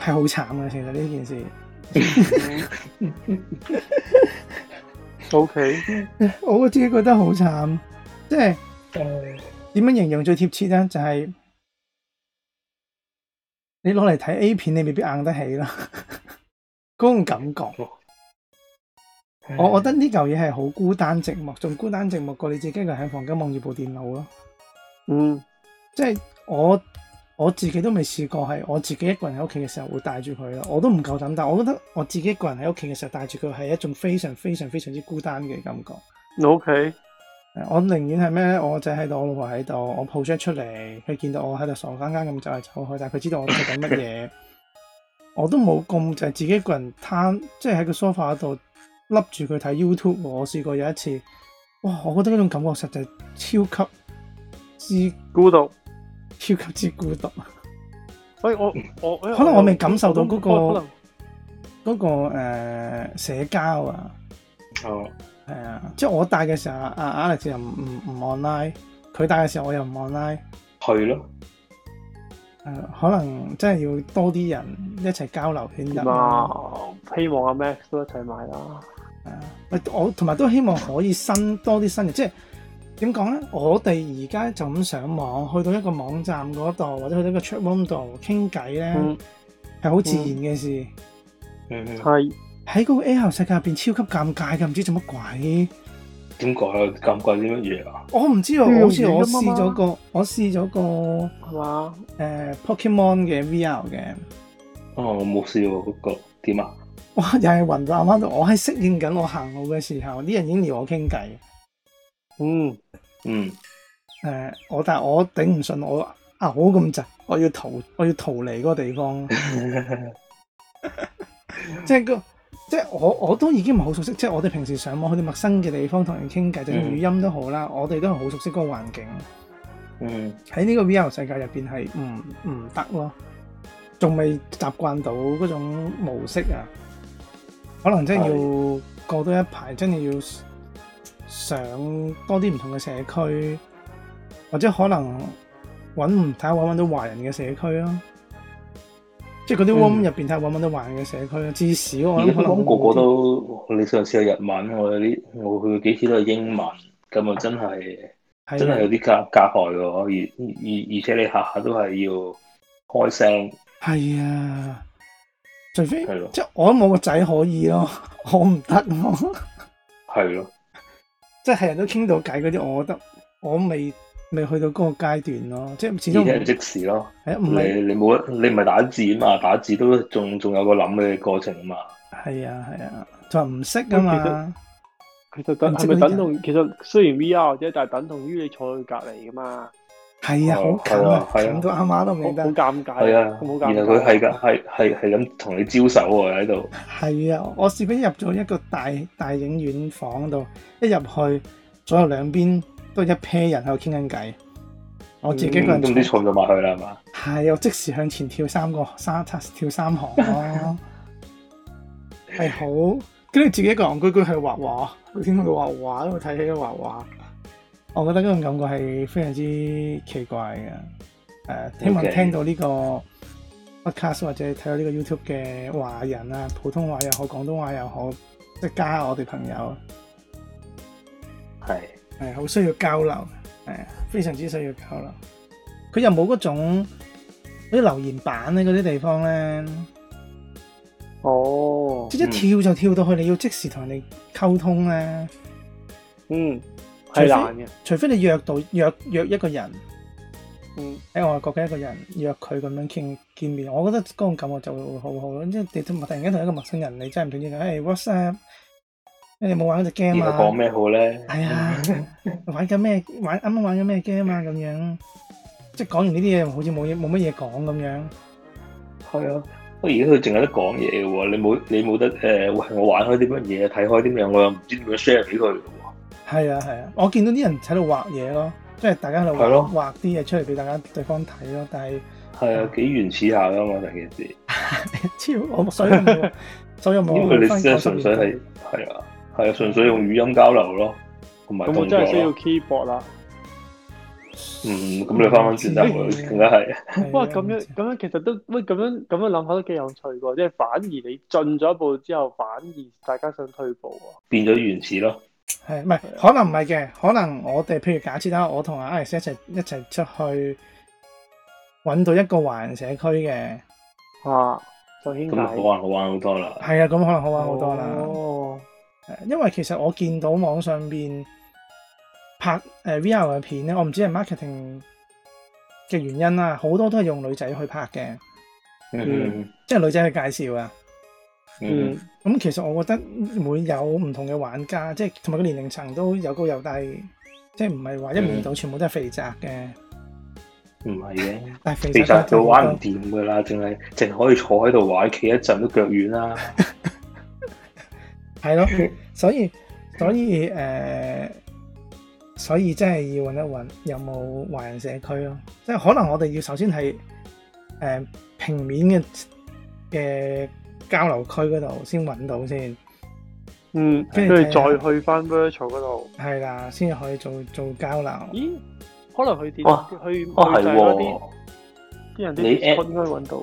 係好慘啊。其實呢件事。嗯、 o、okay. K，我自己覺得好慘，即係點、呃、樣形容最貼切咧？就係、是、你攞嚟睇 A 片，你未必硬得起啦，嗰 種感覺。我覺得呢嚿嘢係好孤單寂寞，仲孤單寂寞過你自己一個人喺房間望住部電腦咯。嗯，即係我我自己都未試過係我自己一個人喺屋企嘅時候會帶住佢咯。我都唔夠膽，但我覺得我自己一個人喺屋企嘅時候帶住佢係一種非常非常非常之孤單嘅感覺。O.K. 我寧願係咩？我仔喺度，我老婆喺度，我抱出出嚟，佢見到我喺度傻更更咁走嚟走去，但係佢知道我做緊乜嘢。 我都冇咁。就係自己一個人攤，即係喺個梳化度。笠住佢睇 YouTube，我試過有一次，哇！我覺得嗰種感覺實在超級之孤獨，超級之孤獨。所、欸、以我我、欸、可能我未感受到嗰、嗰個、嗰個誒、呃、社交啊，係、哦、啊、嗯，即係我帶嘅時候，阿、啊、Alex 又唔唔唔 online，佢帶嘅時候我又唔 online，係咯，誒、嗯，可能真係要多啲人一齊交流先得、嗯。希望阿、啊、Max 都一齊買啦、啊。我同埋都希望可以新多啲新嘅， 即係點講咧？我哋而家就咁上網，去到一個網站嗰度，或者去到一個 chat room 度傾偈咧，係、嗯、好自然嘅事。係、嗯、喺、嗯、個 AI 世界入邊，超級尷尬嘅，唔知做乜鬼？點解啊？尷尬啲乜嘢啊？我唔知啊，好似我試咗個，我試咗個係嘛？誒、欸、Pokemon 嘅 VR 嘅。哦，我冇試過，點、嗰個、啊？哇！又係混在埋我喺適應緊我行路嘅時候，啲人已經要我傾偈。嗯嗯，誒、呃，我但係我頂唔順，我、啊、好咁滯，我要逃，我要逃離嗰個地方。即 係 個，即、就、係、是、我我都已經唔係好熟悉。即、就、係、是、我哋平時上網，去啲陌生嘅地方同人傾偈，就、嗯、語音都好啦。我哋都係好熟悉嗰個環境。嗯，喺呢個 VR 世界入邊係唔唔得咯，仲未習慣到嗰種模式啊！可能真係要過多一排，真係要上多啲唔同嘅社區，或者可能揾睇下揾唔揾到華人嘅社區咯。即係嗰啲 warm 入邊睇下揾唔揾到華人嘅社區咯。至少我可能個個都你上次係日文，我有啲我去幾次都係英文，咁啊真係真係有啲隔夾害嘅，而而而且你下下都係要開聲。係啊。除非即係我都冇個仔可以咯，我唔得咯。係咯，即係人都傾到偈嗰啲，我覺得我未未去到嗰個階段咯，即係始終即時咯。係唔係你冇你唔係打字啊嘛？打字都仲仲有個諗嘅過程啊嘛。係啊係啊，就唔識啊嘛其。其實等係咪等同、這個？其實雖然 VR 啫，但係等同於你坐佢隔籬噶嘛。係啊、哦、啊，啊，啊，好近啊，近到阿媽都唔認得。好尷尬，係啊，然後佢係噶，係係係咁同你招手喎喺度。係啊，我試過入咗一個大大影院房度，一入去左右兩邊都一 pair 人喺度傾緊偈，我自己一個人坐。咁、嗯、你、嗯、坐咗埋去啦，係嘛？係，我即時向前跳三個三七跳三,三,三,三行咯、啊。係、 哎、好，跟住自己一個人居居喺度畫畫，聽到佢畫畫都睇起畫畫。我覺得呢種感覺係非常之奇怪嘅。誒、uh,，希、okay. 望聽到呢個 podcast 或者睇到呢個 YouTube 嘅華人啊，普通話又好，廣東話又好，即係加我哋朋友。係係好需要交流，係啊，非常之需要交流。佢又冇嗰種啲留言板咧，嗰啲地方咧。哦，即一跳就跳到去，嗯、你要即時同人哋溝通咧。嗯。係難嘅，除非你約到約約一個人，嗯，喺外國嘅一個人約佢咁樣傾見面，我覺得嗰種感覺就會好好咯。即係突突然間同一個陌生人，你真係唔斷噉講。誒、hey,，WhatsApp，、嗯、你哋冇玩嗰隻 game 啊？講咩好咧？係、哎、 啊，玩緊咩？玩啱啱玩緊咩 game 啊？咁樣，即係講完呢啲嘢，好似冇嘢冇乜嘢講咁樣。係啊，不過而家佢淨係得講嘢嘅喎。你冇你冇得誒、呃，我玩開啲乜嘢睇開啲咩，我又唔知點樣 share 俾佢。係啊，係啊，我見到啲人喺度畫嘢咯，即係大家喺度畫啲嘢出嚟俾大家對方睇咯。但係，係啊，幾原始下噶嘛？成件事，超我所以冇，所以冇。因為你真係純粹係，係啊，係啊，純粹用語音交流咯，同埋咁我真係需要 keyboard 啦。嗯，咁你翻翻轉頭，更加係。哇，咁樣，咁樣其實都喂，咁樣咁樣諗法都幾有趣噶，即係反而你進咗一步之後，反而大家想退步啊，變咗原始咯。係唔係？可能唔係嘅，可能我哋譬如假設啦，我同阿 Alex 一齊一齊出去，搵到一個華人社區嘅，吓就顯得咁可能好玩好多啦。係啊，咁可能好玩好多啦，哦。因為其實我見到網上邊拍誒 VR 嘅片咧，我唔知係 marketing 嘅原因啦，好多都係用女仔去拍嘅，即、嗯、係、嗯就是、女仔去介紹啊。嗯，嗯，嗯，咁其實我覺得會有唔同嘅玩家，即係同埋個年齡層都有高有低，即係唔係話一面倒全部都係肥宅嘅，唔係嘅，但肥宅就玩唔掂噶啦，淨係淨可以坐喺度玩，企一陣都腳軟啦，係 咯，所以所以誒、嗯呃，所以真係要搵一搵有冇華人社區咯，即係可能我哋要首先係誒、呃、平面嘅嘅的交流區嗰度先揾到先，嗯，跟住再去翻 Virtual 嗰度，係啦，先可以做做交流。咦？可能去點？去製嗰啲啲人你 app，應該揾到。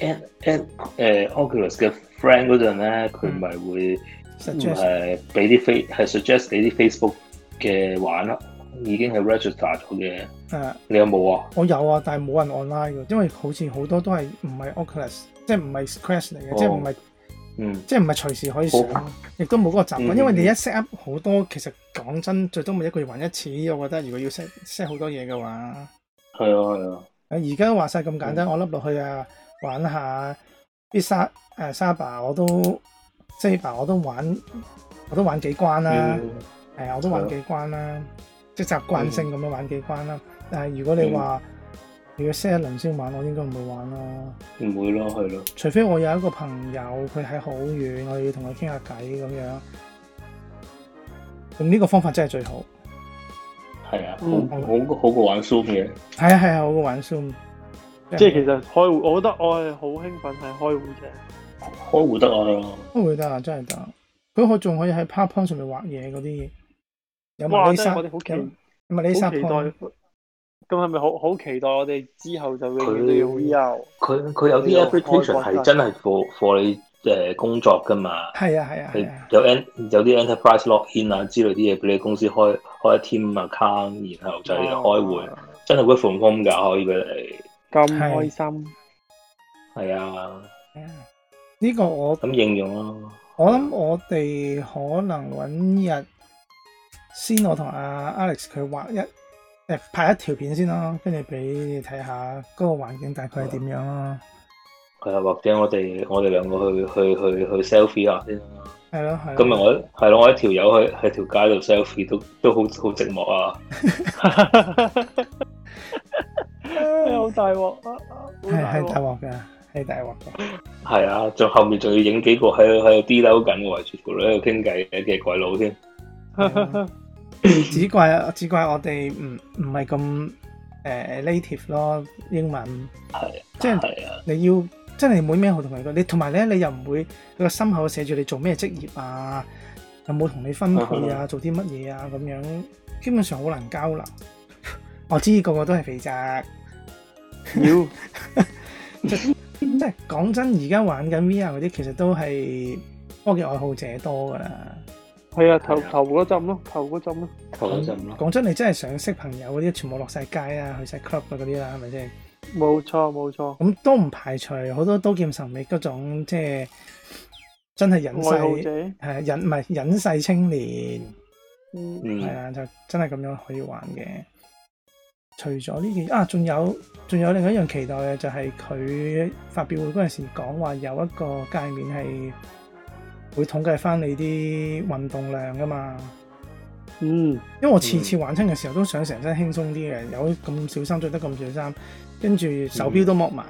at at 誒 Oculus 嘅 friend 嗰陣咧，佢咪會誒俾啲 Face 係 suggest 你啲 Facebook 嘅玩咯。已經係 register 咗嘅。Uh, 你有冇啊？我有啊，但係冇人 online 嘅，因為好似好多都係唔係 Oculus，即係唔係 Squares 嚟嘅，oh. 即係唔係，mm. 即係唔係隨時可以上，oh. 亦都冇嗰個習慣。Mm. 因為你一 set up 好多，其實講真，最多咪一個月玩一次。我覺得如果要 set set 好多嘢嘅話，係啊係啊。誒而家話晒咁簡單，oh. 我 load 落去啊，玩下啲沙誒、呃、沙巴我都，oh. 即係吧我都玩，我都玩幾關啦、啊，啊、mm. 呃，我都玩幾關啦、啊。Mm. 嗯即習慣性咁樣玩幾關啦，嗯、但係如果你話，如果 set 一輪先玩，我應該唔會玩囉、啊，唔會咯，係咯，除非我有一個朋友佢喺好遠，我要同佢傾下偈咁樣，咁呢個方法真係最好，係啊，好好，好，好，好過玩 Zoom 嘅，係啊係啊，好過玩 Zoom，即係其實開戶，我覺得我係好興奮係開戶啫，開戶得愛啊，開戶得啊，真係得，佢可仲可以喺 PowerPoint 上面畫嘢嗰啲。有冇我哋好期唔係你薩，期待咁係咪好好期待我哋之後就會有佢佢有啲 application 係真係 for for 你誒工作㗎嘛？係啊係啊係、啊、有 n 有啲 enterprise login 啊之類啲嘢俾你公司開開 team account，然後就開會、啊，真係 good 㗎，可以俾你。咁開心係啊！呢、呢個我咁應用咯。我諗我哋可能揾日。先我同阿 Alex 佢，畫一誒，拍一條片先咯，跟住俾你睇下嗰個環境大概係點樣咯。係啊，或者我哋我哋兩個去去去去 selfie 下先咯。係咯係。今日我係咯，我一條友去喺條街度 selfie 都都好好寂寞啊。好大鑊啊！係大鑊噶，係大鑊噶。係啊，仲後面仲要影幾個喺喺度 d 摟緊嘅圍住個女喺度傾偈嘅鬼佬添。只怪只怪我哋唔唔係咁誒 native 咯，英文係即係你要真係冇咩好同佢講，你同埋咧你又唔會個心口寫住你做咩職業啊，有冇同你分配啊，做啲乜嘢啊咁樣，基本上好難交流。我知個個都係肥宅，要即係講真，而家玩緊 VR 嗰啲，其實都係科技愛好者多噶啦。係啊，頭頭嗰陣咯，頭嗰陣咯，頭嗰陣咯。講真，你真係想識朋友嗰啲，全部落晒街啊，去晒 club 啊嗰啲啦，係咪先？冇錯，冇錯。咁都唔排除好多刀劍神域嗰種，即係真係隱世，係隱唔係隱世青年。嗯，係啦、啊，就真係咁樣可以玩嘅。除咗呢件啊，仲有仲有另一樣期待嘅，就係、是、佢發表會嗰陣時講話有一個界面係。會統計翻你啲運動量噶嘛？嗯，因為我次次玩親嘅時候都想成身輕鬆啲嘅，有咁少衫著得咁少衫，跟住手錶都剝埋，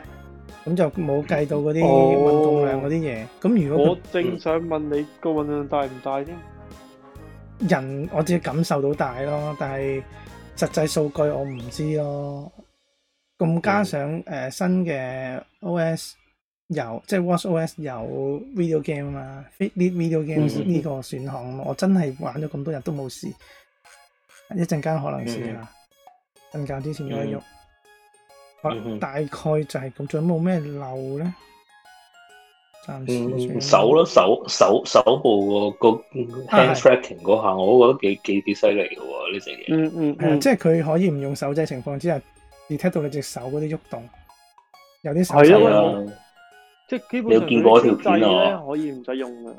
咁就冇計到嗰啲運動量嗰啲嘢。咁如果我正想問你個運動量大唔大添？人我自己感受到大咯，但係實際數據我唔知咯。咁加上誒新嘅 OS。有即係 WatchOS 有 video game 嘛、啊？呢 video games 呢個選項，我真係玩咗咁多日都冇事。一陣間可能試下瞓覺之前再用。好、嗯、啦、嗯，大概就係咁，仲有冇咩漏咧？暫時手咯、嗯，手手手,手部個個 hand tracking 嗰下，我覺得幾幾幾犀利㗎喎呢隻嘢。嗯嗯,嗯，即係佢可以唔用手掣情況之下，你睇到你隻手嗰啲喐動，有啲手掣。即係基本上，你有見過條片啊，可以唔使用啦。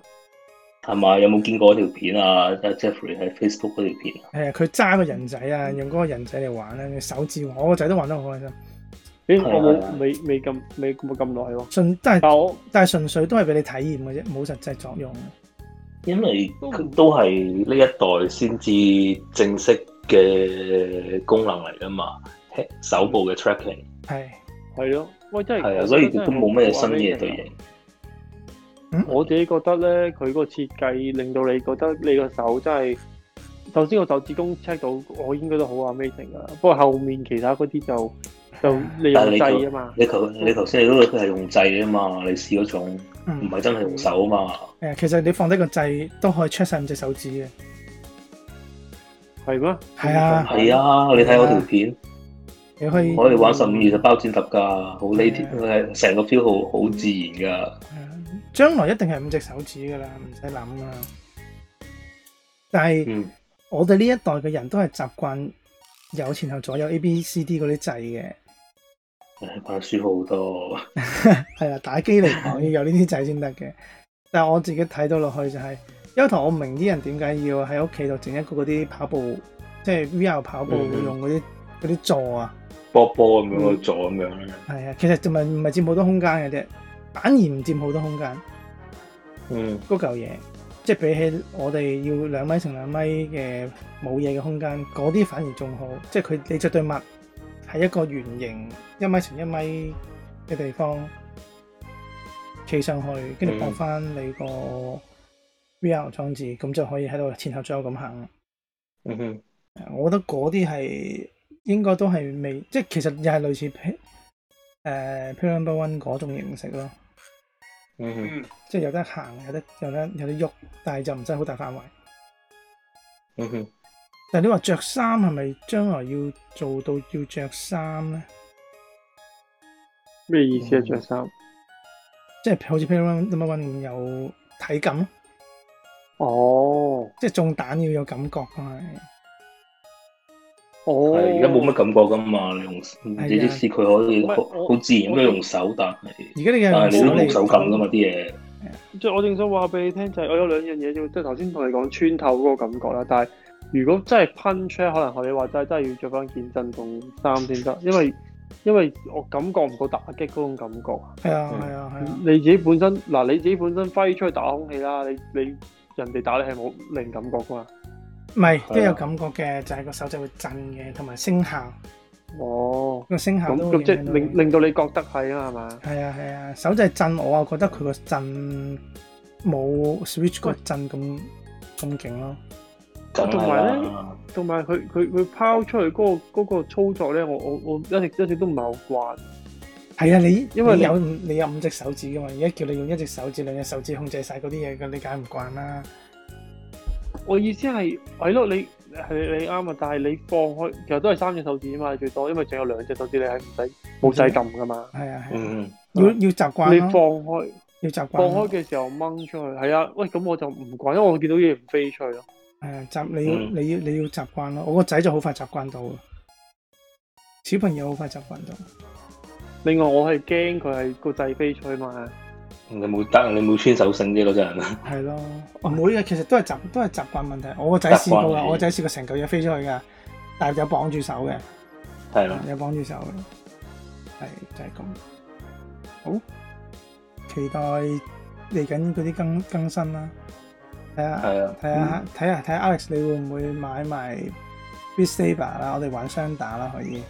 係嘛？有冇見過嗰條片啊？Jeffrey 喺 Facebook 嗰條片。係啊，佢揸個人仔啊，用嗰個人仔嚟玩咧，手指我個仔都玩得好開心。你、欸、我冇，未未咁，未冇咁耐喎。純都係，但係純粹都係俾你體驗嘅啫，冇實際作用。因為都係呢一代先至正式嘅功能嚟啊嘛，手部嘅 tracking 係係咯。喂真係，係啊，所以都冇咩新嘢對嘢。我自己覺得咧，佢個設計令到你覺得你個手真係，頭先個手指公 check 到，我應該都好 amazing、啊、噶。不過後面其他嗰啲就就你用掣啊嘛,嘛，你頭你頭先嗰個係用掣啊嘛，你試嗰種，唔係真係用手啊嘛。誒，其實你放低個掣都可以 check 晒五隻手指嘅，係咩？係啊，係啊，你睇我條片。你可以，我哋玩十五二十包剪揼噶，好呢啲，成、啊、個 feel 好好自然噶。將、嗯、來一定係五隻手指噶啦，唔使諗啦。但係、嗯、我哋呢一代嘅人都係習慣有前後左右 A B C D 嗰啲掣嘅。誒，怕輸好多。係 啊，打機嚟講要有呢啲掣先得嘅。但係我自己睇到落去就係、是，因為頭我唔明啲人點解要喺屋企度整一個嗰啲跑步，即、就、係、是、V R 跑步、嗯、用啲嗰啲座啊。波波咁樣去坐咁樣，係啊，其實就唔係唔係佔好多空間嘅啫，反而唔佔好多空間。嗯，嗰嚿嘢，即係比起我哋要兩米乘兩米嘅冇嘢嘅空間，嗰啲反而仲好。即係佢你著對襪，係一個圓形一米乘一米嘅地方，企上去，跟住駁翻你個 VR 裝置，咁、嗯、就可以喺度前後左右咁行啦。嗯哼，我覺得嗰啲係。應該都係未，即係其實又係類似誒，Pillar Run 嗰種形式咯。嗯、呃、哼，mm -hmm. 呃 mm -hmm. 即係有得行，有得有得有得喐，但係就唔使好大範圍。嗯哼，但係你話着衫係咪將來要做到要着衫咧？咩意思啊？着、嗯、衫，即係好似 Pillar Run、no. 有體感哦，oh. 即係中彈要有感覺係係而家冇乜感覺噶嘛，嘛，你用你即使佢可以好自然咁用手打，但係你都冇手感噶嘛啲嘢。即係我正想話俾你聽，就係、是、我有兩樣嘢要，即係頭先同你講穿透嗰個感覺啦。但係如果真係噴出，可能學你話齋，真係要着翻震動衫先得，因為因為我感覺唔到打擊嗰種感覺。係啊係啊係你自己本身嗱，你自己本身揮出去打空氣啦，你你人哋打你係冇零感覺噶嘛？唔係，都有感覺嘅、啊，就係、係、個手就會震嘅，同埋聲效。哦，個聲效都令令到你覺得係啊，係嘛？係啊係啊，手就震，我啊覺得佢個震冇 Switch 個震咁咁勁咯。同埋咧，同埋佢佢佢拋出去嗰、嗰個嗰個操作咧，我我我一直一直都唔係好慣。係啊，你因為你你有你有五隻手指噶嘛，而家叫你用一隻手指、兩隻手指控制晒嗰啲嘢，噉你梗係唔慣啦。我意思係，係咯，你係你啱啊。但係你放開，其實都係三隻手指啊嘛，最多，因為淨有兩隻手指你係唔使，冇使撳噶嘛。係啊，嗯，要要習慣。你放開，要習慣。放開嘅時候掹出去，係啊。喂，咁我就唔慣，因為我見到嘢飛出去咯。係啊，習你要你要你要習慣咯。我個仔就好快習慣到，小朋友好快習慣到。另外，我係驚佢係個掣飛出去嘛。你冇得，你冇穿手繩啲咯，真係。係咯，唔會嘅。其實都係習，都係習慣問題。我個仔試過㗎，我個仔試過成嚿嘢飛出去㗎，但係有綁住手嘅。係、嗯、咯。有綁住手嘅。係就係，是，咁。好，期待嚟緊嗰啲更更新啦。係啊。睇下睇下睇 Alex，你會唔會買埋 Beat Saber 啦？我哋玩雙打啦，可以。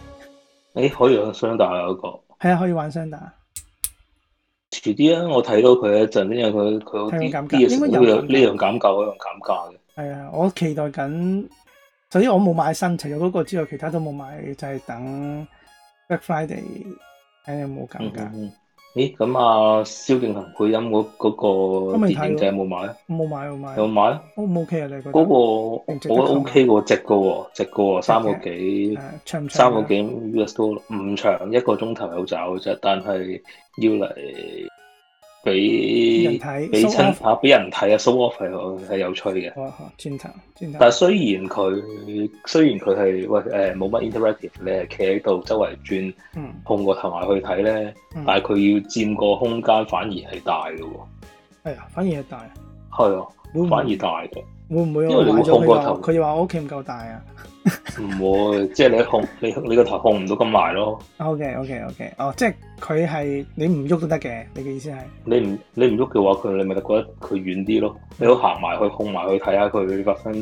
誒，欸，可以玩雙打啊！有一個。係啊，可以玩雙打。遲啲啊！我睇到佢一陣先，因為佢佢有啲嘢，呢樣減價，嗰樣減價嘅。係啊，我期待緊，首先我冇買新，除咗嗰個之外，其他都冇買，就係等 Black Friday 睇有冇減價。咦？咁啊，蕭敬騰配音嗰嗰個電影仔有冇買啊？冇買，冇買。有買啊？O 唔 O K 啊？你嗰個我覺得 O K 喎，值嘅喎，值嘅喎，三個幾三個幾 US dollar，唔長一個鐘頭有找嘅啫，但係要嚟。俾俾親下俾、so 啊、人睇啊，show off 係有趣嘅、哦。轉頭轉頭，但係雖然佢雖然佢係喂誒冇乜 interactive，你係企喺度周圍轉，嗯、碰個頭埋去睇咧、嗯，但係佢要佔個空間反而係大嘅喎。係啊，反而係大。係、哎、啊，反而大嘅。嗯會唔會因為你個頭？佢又話我屋企唔夠大啊！唔會，即係你控你你個頭控唔到咁埋咯。O K O K O K，哦，即係佢係你唔喐都得嘅，你嘅意思係？你唔你唔喐嘅話，佢你咪覺得佢遠啲咯。你好行埋去控埋去睇下佢發生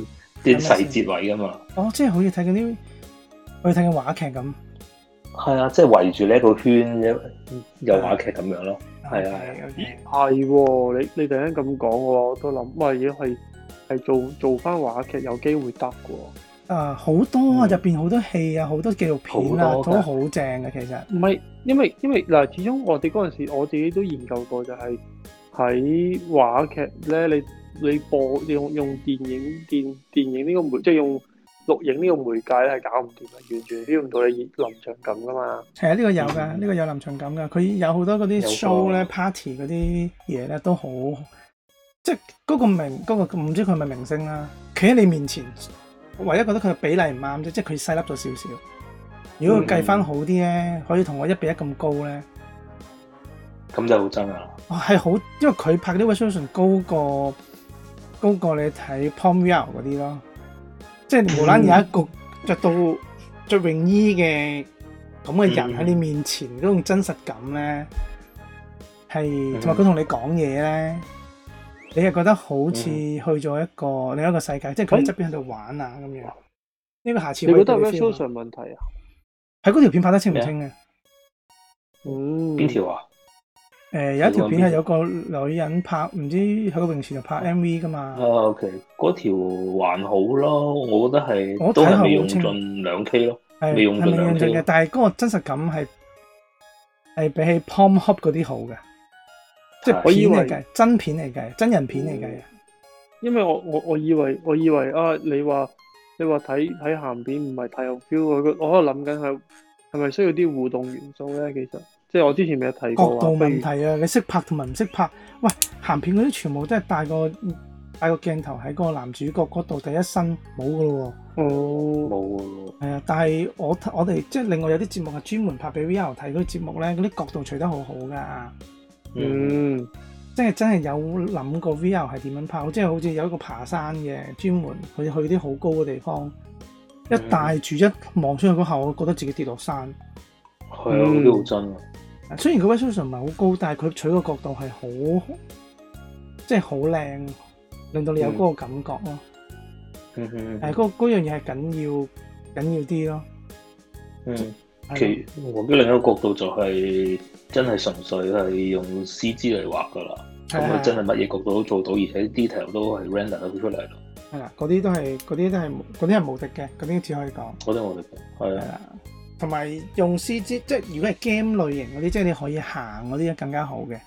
啲細節位啊嘛。哦，即係好似睇緊啲，好似睇緊話劇咁。係、 嗯、 啊，即係圍住呢個圈，有話劇咁樣咯。係、okay, okay. 啊，係。係，你你突然間咁講，我我都諗，喂、哎，係。係做做翻話劇有機會得嘅，啊、嗯、好多入邊好多戲啊，好多紀錄片啊，都好正嘅。其實唔係，因為因為嗱，始終我哋嗰陣時，我自己都研究過、就是，就係喺話劇咧，你你播你用用電影電電影呢個媒，即係用錄影呢個媒介咧，係搞唔掂嘅，完全用唔到你臨場感噶嘛。係、嗯、啊，呢、這個有噶，呢、這個有臨場感噶，佢有好多嗰啲 show 咧、party 嗰啲嘢咧，都好。即係嗰、嗰個明、嗰個唔知佢係咪明星啦、啊，企喺你面前，唯一覺得佢比例唔啱啫，即係佢細粒咗少少。如果佢計翻好啲咧、嗯嗯，可以同我一比一咁高咧，咁就好真啦。係好，因為佢拍啲 resolution 高過高過你睇 Palm Real 嗰啲咯，即係無啦，有一個着到着泳衣嘅咁嘅人喺你面前，嗰、嗯、種真實感咧，係同埋佢同你講嘢咧。你係覺得好似去咗一個、嗯、另一個世界，即係佢喺側邊喺度玩啊咁樣。呢個下次你。你覺得 resolution 問題啊？嗰條片拍得清唔清嘅？哦。邊、嗯、條啊、欸？有一條片係有個女人拍，唔知喺個泳池度拍 MV 噶嘛？啊 OK，嗰條還好咯，我覺得係都係未用盡兩 K 咯，未用盡兩 K 嘅，但係嗰個真實感係係比起 Pornhub 嗰啲好嘅。即係我以為真片嚟計，真人片嚟計、嗯。因為我我我以為我以為啊，你話你話睇睇鹹片唔係太有 feel。我喺度諗緊係係咪需要啲互動元素咧？其實即係我之前咪有睇過角度問題啊！不你識拍同埋唔識拍？喂，鹹片嗰啲全部都係帶個帶個鏡頭喺個男主角角度第一身冇噶咯喎。哦，冇、嗯、啊。係啊，但係我我哋即係另外有啲節目係專門拍俾 VR 睇啲節目咧，啲角度取得好好噶。嗯，嗯，即係真係有諗過 VR 係點樣拍，即、就、係、是、好似有一個爬山嘅，專門佢去啲好高嘅地方，嗯、一戴住一望出去嗰下，我覺得自己跌落山，係、嗯、啊、好、嗯、真嘅。雖然個 resolution 唔係好高，但係佢取個角度係好，即係好靚，令到你有嗰個感覺咯、嗯嗯嗯。但嗰、嗰、嗰、個、樣嘢係緊要，緊要啲咯。嗯。其我嘅另一個角度就係真係純粹係用 C.G. 嚟畫㗎喇，咁佢真係乜嘢角度都做到，而且 detail 都係 render 咗出嚟咯。係啦，嗰啲都係嗰啲都係嗰啲係無敵嘅，嗰啲只可以講。嗰啲無敵嘅，係啊。同埋用 C.G. 即係如果係 game 類型嗰啲，即係你可以行嗰啲更加好嘅，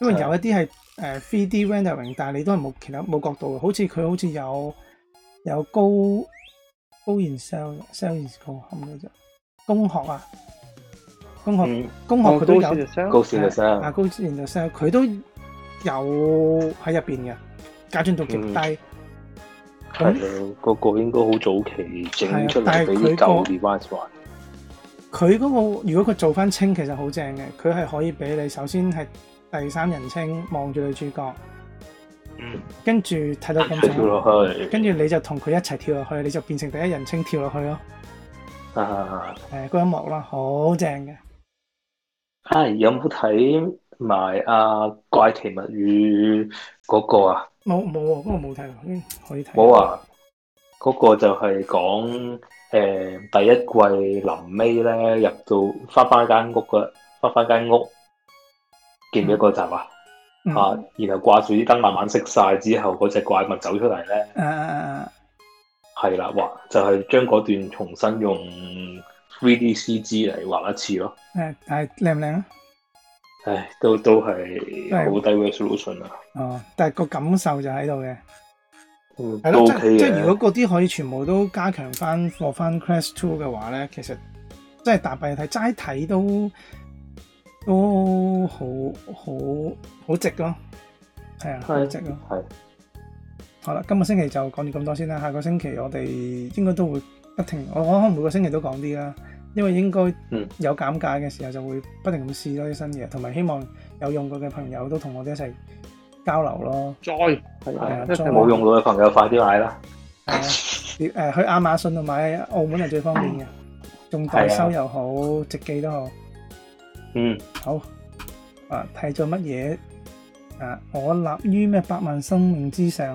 因為有一啲係誒 3D rendering，但係你都係冇其他冇角度嘅，好似佢好似有有高高 render，render 係高坎嘅啫。工學啊，工學，工學佢都有，啊，高斯研究生，佢都有喺入邊嘅，價錢都幾低。係咯，個個應該好早期整出嚟俾啲舊 device 玩。佢嗰個如果佢做翻清，其實好正嘅，佢係可以俾你首先係第三人稱望住女主角，嗯，跟住睇到跳落去，跟住你就同佢一齊跳落去，你就變成第一人稱跳落去咯。啊！誒、嗯，嗰一幕啦，好正嘅。係、哎、有冇睇埋阿怪奇物語嗰個啊？冇冇，嗰、啊那個冇睇。可以睇。冇啊！嗰、那個就係講誒，第一季臨尾咧入到翻翻間屋噶，翻翻間屋，記唔記得嗰集啊？嗯、啊、嗯，然後掛住啲燈慢慢熄晒之後，嗰隻怪物走出嚟咧。誒、啊。係啦，畫就係將嗰段重新用 3D CG 嚟畫一次咯。誒，但係靚唔靚啊？唉，都都係好低 resolution 啊。係哦，但係個感受就喺度嘅。嗯，係咯。即係如果嗰啲可以全部都加強翻，做翻 Crash Two 嘅話咧、嗯，其實即係大比例睇齋睇都都好好好值咯。係啊，係值咯，係。好啦，今個星期就講完咁多先啦。下個星期我哋應該都會不停，我可能每個星期都講啲啦，因為應該有減價嘅時候就會不停咁試多啲新嘢，同埋希望有用過嘅朋友都同我哋一齊交流咯。再係啊，即係冇用到嘅朋友快啲買啦。誒，誒去亞馬遜度買，澳門係最方便嘅，仲代收又好，直寄都好。嗯，好啊。睇咗乜嘢啊？我立於咩百萬生命之上。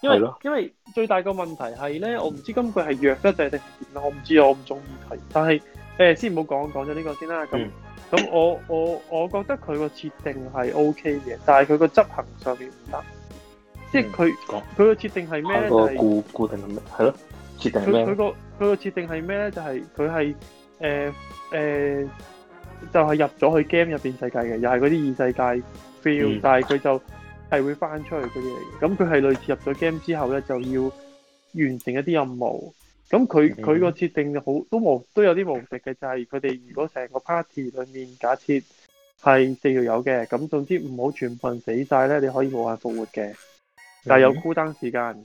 因為因為最大個問題係咧，我唔知今季係弱得滯定係點啊，我唔知我唔中意睇。但係誒，先唔好講，講咗呢個先啦。咁咁，我我我覺得佢個設定係 OK 嘅，但係佢個執行上面唔得。即係佢佢個設定係咩咧？係固固定能力係咯，設定係咩？佢個佢個設定係咩咧？就係佢係誒誒，就係入咗去 game 入邊世界嘅，又係嗰啲異世界 feel，但係佢就。係會翻出嚟嗰啲嚟嘅，咁佢係類似入咗 game 之後咧，就要完成一啲任務，咁佢佢個設定就好都無都有啲無敵嘅，就係佢哋如果成個 party 裏面假設係四條友嘅，咁總之唔好全部人死晒咧，你可以無限復活嘅，嗯，但係有孤單時間，咦、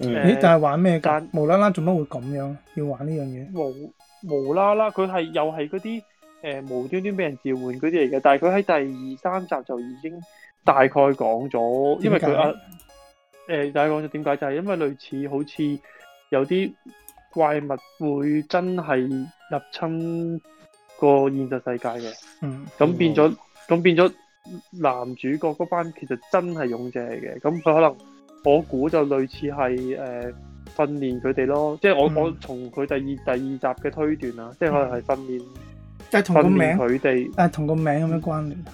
嗯呃？但係玩咩間？無啦啦，做乜會咁樣？要玩呢樣嘢？無無啦啦，佢係又係嗰啲，誒無端端俾人召喚嗰啲嚟嘅，但係佢喺第二三集就已經。大概講咗，因為佢啊，誒，大家講咗點解，就係、是、因為類似好似有啲怪物會真係入侵個現實世界嘅，咁、嗯、變咗，咁、嗯、變咗男主角嗰班其實真係勇者嚟嘅，咁佢可能我估就類似係誒訓練佢哋咯，即、就、係、是、我、嗯、我從佢第二第二集嘅推斷、就是嗯、啊，即係可能係訓練，但係同個名佢哋，誒同個名有咩關聯啊？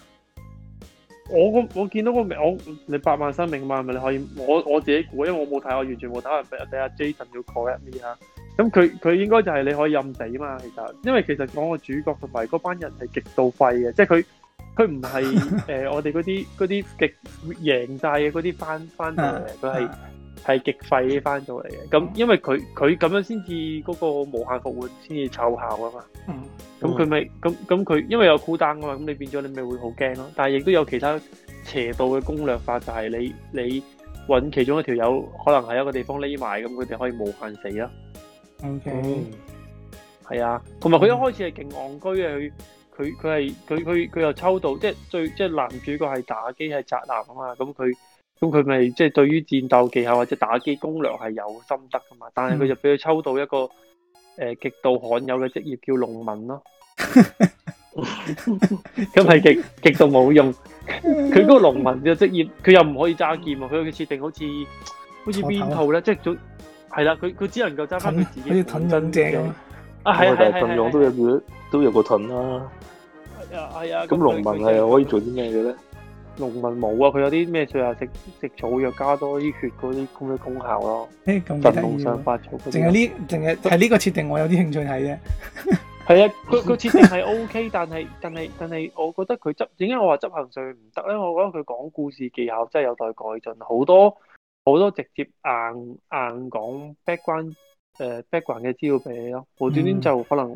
我我我見到個名，我你八萬生命嘛，係咪你可以？我我自己估，因為我冇睇，我完全冇睇。我睇阿 Jason 要 correct 咩啊？咁佢佢應該就係你可以任死啊嘛。其實，因為其實講個主角同埋嗰班人係極度廢嘅，即係佢佢唔係誒我哋嗰啲嗰啲極贏晒嘅嗰啲翻翻嚟嘅，佢係。 係極廢翻咗嚟嘅，咁因為佢佢咁樣先至嗰個無限復活，先至奏效啊嘛。嗯，咁佢咪咁咁佢，因為有孤單啊嘛，咁你變咗你咪會好驚咯。但係亦都有其他邪道嘅攻略法就你，就係你你揾其中一條友可能係一個地方匿埋，咁佢哋可以無限死咯。O K，係啊，同埋佢一開始係勁戇居嘅，佢佢佢係佢佢佢又抽到，即係最即係男主角係打機係宅男啊嘛，咁佢。咁佢咪即係對於戰鬥技巧或者打機攻略係有心得噶嘛？但係佢就俾佢抽到一個誒極度罕有嘅職業叫農民咯。咁係極極度冇用。佢嗰個農民嘅職業，佢又唔可以揸劍啊！佢嘅設定好似好似邊套咧？即係總係啦。佢佢只能夠揸翻佢自己。好似盾緊正咁啊！係係係，盾樣都有嘅，都有個盾啦。咁農民係可以做啲咩嘅咧？農民冇啊，佢有啲咩最後？食食草藥加多啲血嗰啲咁嘅功效咯。神龍上八足。淨係呢？淨係係呢個設定，我有啲興趣睇嘅。係 啊，佢佢設定係 O K，但係但係但係，我覺得佢執，點解我話執行上唔得咧？我覺得佢講故事技巧真係有待改進，好多好多直接硬硬講 background，誒 background 嘅資料俾你咯，無端端就可能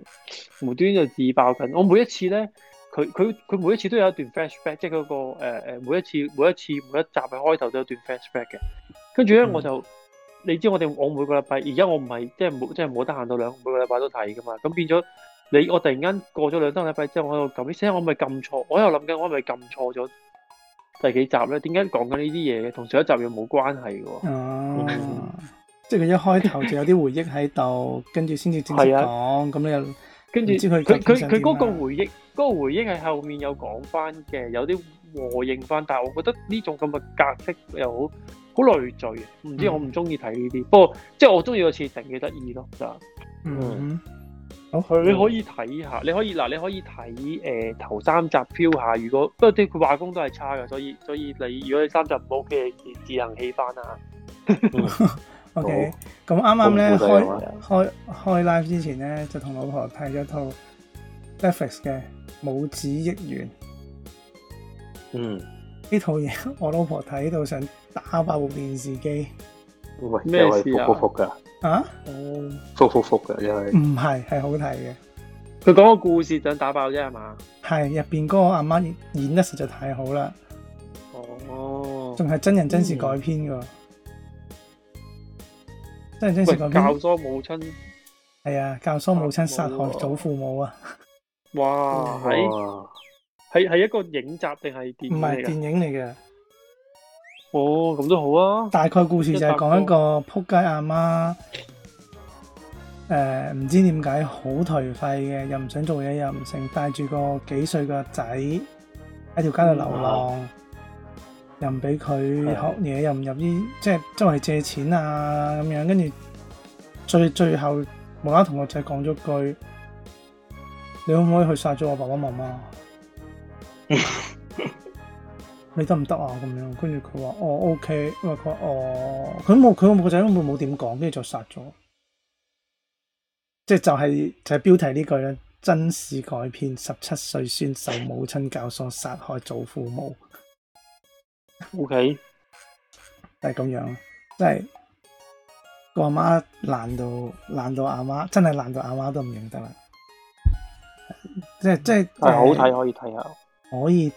無端端就自爆緊，嗯。我每一次咧。佢佢佢每一次都有一段 flashback，即係嗰個誒、呃、每一次每一次每一集嘅開頭都有段 flashback 嘅。跟住咧，我就、嗯、你知我哋我每個禮拜，而家我唔係即係冇即係冇得閒到兩每個禮拜都睇㗎嘛。咁變咗你我突然間過咗兩三個禮拜之後，我喺度撳，咦？我係咪撳錯？我又諗緊我係咪撳錯咗第幾集咧？點解講緊呢啲嘢嘅？同上一集又冇關係嘅喎、啊嗯。即係佢一開頭就有啲回憶喺度，跟住先至正式講咁咧。跟住佢佢佢嗰個回憶嗰、嗰個回憶係後面有講翻嘅，有啲和應翻，但係我覺得呢種咁嘅格式又好好累贅，唔知我唔中意睇呢啲。不過即係我中意個設定幾得意咯，就嗯，嗯，你可以睇下，你可以嗱，你可以睇誒、呃呃、頭三集 feel 下。如果不過啲佢畫工都係差嘅，所以所以你如果你三集唔好嘅，自行棄翻啦。O.K. 咁啱啱咧，開開開 live 之前咧，就同老婆睇咗套 Netflix 嘅《母子姻緣》。嗯，呢套嘢我老婆睇到想打爆部電視機。喂，咩事啊？啊，哦，復復復嘅因為。唔係，係好睇嘅。佢講個故事想打爆啫，係嘛？係入邊嗰個阿媽演得實在太好啦。哦，仲、哦、係真人真事改編嘅。嗯真係想食個教唆母親，係啊，教唆母親殺害祖父母啊！哇，係係係一個影集定係電影嚟㗎？唔係電影嚟嘅。哦，咁都好啊！大概故事就係講一個撲街阿媽，誒，唔知點解好頹廢嘅，又唔想做嘢，又唔成，帶住個幾歲個仔喺條街度流浪。又唔俾佢學嘢，又唔入醫，即係周圍借錢啊咁樣，跟住最最後，無啦啦同學仔講咗句：你可唔可以去殺咗我爸爸媽媽？ 你得唔得啊？咁樣跟住佢話：我、哦、OK，因為佢我佢冇佢個仔根本冇冇點講，跟、哦、住就殺咗。即係就係、是、就係、是、標題呢句咧，真事改編，十七歲孫受母親教唆殺害祖父母。O.K.， 就係咁樣，即係個阿媽爛到爛到阿媽，真係爛到阿媽都唔認得啦。即係即係，但、就、係、是、好睇可以睇下，可以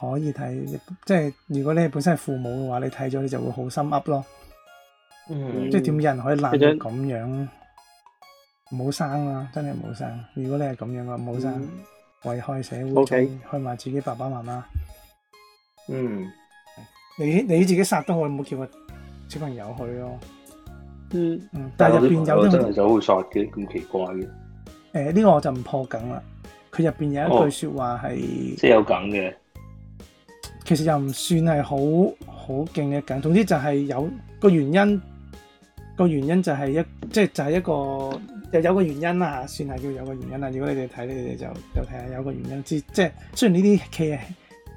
可以睇。即、就、係、是、如果你係本身係父母嘅話，你睇咗你就會好心 up 咯。嗯，即係點人可以爛到咁樣？唔好生啦、啊，真係唔好生。如果你係咁樣嘅，唔好生，危、嗯、害社會，危、okay。埋自己爸爸媽媽。嗯，你你自己殺得我，冇叫個小朋友去咯。嗯嗯，但係入邊有啲乜嘢？有會塞嘅，咁奇怪嘅。誒、欸、呢、這個我就唔破梗啦。佢入邊有一句說話係，即、哦、係有梗嘅。其實又唔算係好好勁嘅梗，總之就係有個原因。個原因就係一，即係就係、是、一個，就有個原因啦吓，算係叫有個原因啦。如果你哋睇，你哋就就睇下有個原因之，即係雖然呢啲劇係。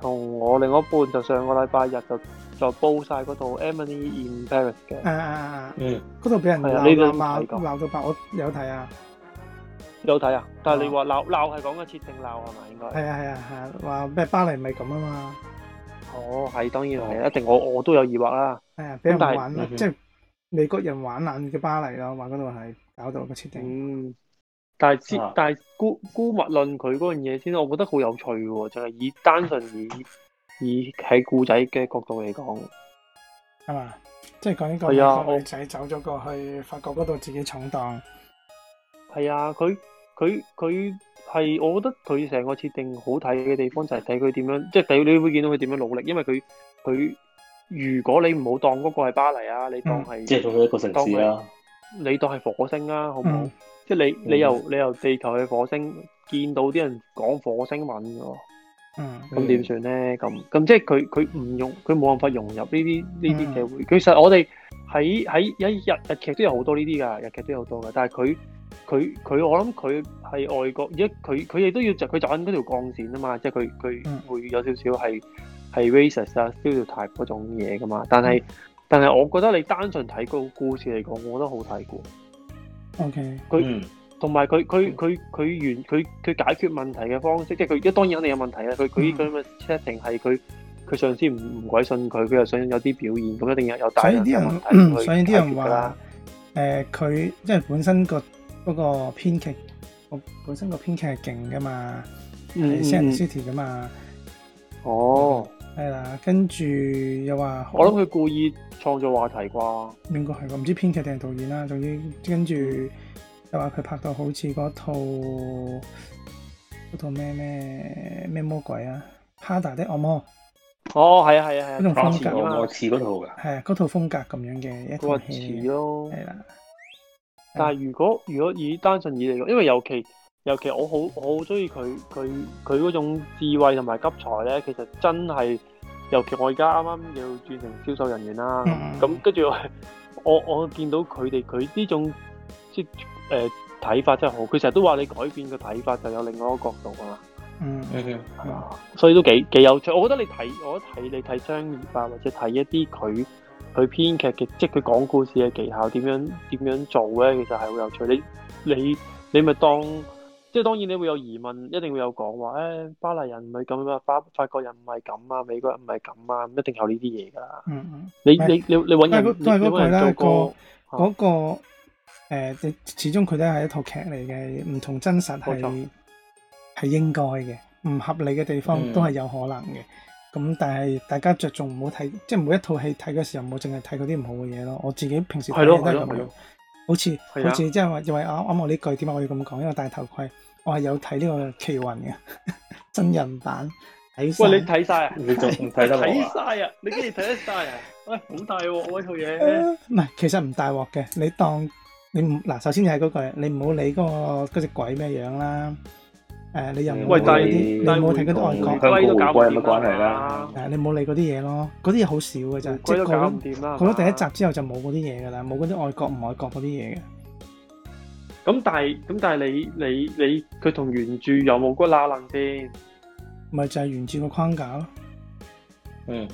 同我另外一半就上個禮拜日就就煲晒嗰套 Emily in Paris 嘅，嗯嗯嗯，嗯，嗰度俾人鬧鬧鬧到爆，我有睇啊，有睇啊，但係你話鬧鬧係講個設定鬧係嘛，應該係啊係啊係，話咩巴黎唔係咁啊嘛，哦係當然係，一定我我都有疑惑啦，係啊俾人玩即係美國人玩爛嘅巴黎咯，話嗰度係搞到個設定。但係先、啊，但係《孤孤物論》佢嗰樣嘢先，我覺得好有趣喎，就係、是、以單純以以喺故仔嘅角度嚟講，係、啊、嘛？即係講呢個女仔走咗過去法國嗰度自己闖蕩。係啊，佢佢佢係，我覺得佢成個設定好睇嘅地方就係睇佢點樣，即係你你會見到佢點樣努力，因為佢佢如果你唔好當嗰個係巴黎啊，你當係即係當一個城市啦，啊，你當係火星啊，好唔好？嗯即係你，你由你由地球去火星，見到啲人講火星文嘅，嗯，咁點算咧？咁咁即係佢佢唔用佢冇辦法融入呢啲呢啲社會、嗯。其實我哋喺喺一日日劇都有好多呢啲噶，日劇都有好多噶。但係佢佢佢，我諗佢係外國，而家佢佢亦都要就佢就緊嗰條鋼線啊嘛。即係佢佢會有少少係係 racist 啊，stereotype 嗰種嘢噶嘛。但係、嗯、但係，我覺得你單純睇個故事嚟講，我覺得好睇嘅。O.K. 佢同埋佢佢佢佢原佢佢解決問題嘅方式，即係佢一當然肯定有問題啊！佢佢咁嘅 setting 係佢佢上司唔唔鬼信佢，佢又想有啲表現，咁一定有有大。所以啲人、嗯，所以啲人話誒，佢、呃、即係本身、那個嗰個編劇，我本身個編劇係勁噶嘛，唔、嗯、City 噶嘛，哦。係啦，跟住又話，我諗佢故意創造話題啩，應該係我唔知編劇定係導演啦。總之跟住又話佢拍到好似嗰套嗰套咩咩咩魔鬼啊，《哈達的惡魔》哦，係啊係啊係啊，嗰種風格嘛，似嗰套㗎，係啊，嗰套風格咁樣嘅一個片咯，係啦、哦。但係如果如果以單純以嚟講，因為尤其。尤其我好我好中意佢佢佢嗰種智慧同埋急才咧，其實真係。尤其我而家啱啱要轉成銷售人員啦，咁跟住我我，我見到佢哋佢呢種即誒睇法真係好。佢成日都話你改變嘅睇法就有另外一個角度嘛。嗯，係、嗯、啊，所以都幾幾有趣。我覺得你睇，我睇你睇商業啊，或者睇一啲佢佢編劇嘅，即係佢講故事嘅技巧，點樣點樣做咧，其實係好有趣。你你你咪當。即係當然你會有疑問，一定會有講話，誒，巴黎人唔係咁啊，巴法國人唔係咁啊，美國人唔係咁啊，一定有呢啲嘢噶啦。嗯嗯。你你你你揾人，都係嗰句啦，個個誒，你,你、嗰個嗰個呃、始終佢都係一套劇嚟嘅，唔同真實係係應該嘅，唔合理嘅地方都係有可能嘅。咁、嗯、但係大家着重唔好睇，即係每一套戲睇嘅時候，唔好淨係睇嗰啲唔好嘅嘢咯。我自己平時係咯都係咁樣，係咯。好似好似，即係話，因為啱啱我呢句點解我要咁講？因為戴頭盔，我係有睇呢個奇雲嘅真人版，睇晒。喂，你睇晒、 哎、啊？你仲睇得我睇晒啊？你竟然睇得晒啊？喂，好大鑊喎，呢套嘢！唔係，其實唔大鑊嘅。你當你唔，嗱，首先係嗰句，你唔好理嗰、嗰個嗰隻、那個、鬼咩樣啦。誒、嗯，你又唔？喂，但係你你冇睇嗰啲外國，香港都搞唔掂啦。誒、嗯，你冇理嗰啲嘢咯，嗰啲嘢好少嘅啫。香港都搞唔掂啦。過咗第一集之後就冇嗰啲嘢噶啦，冇嗰啲外國唔外國嗰啲嘢嘅。咁但係咁但係你你你佢同原著有冇個罅漏啲？咪就係、是、原著個框架咯。嗯。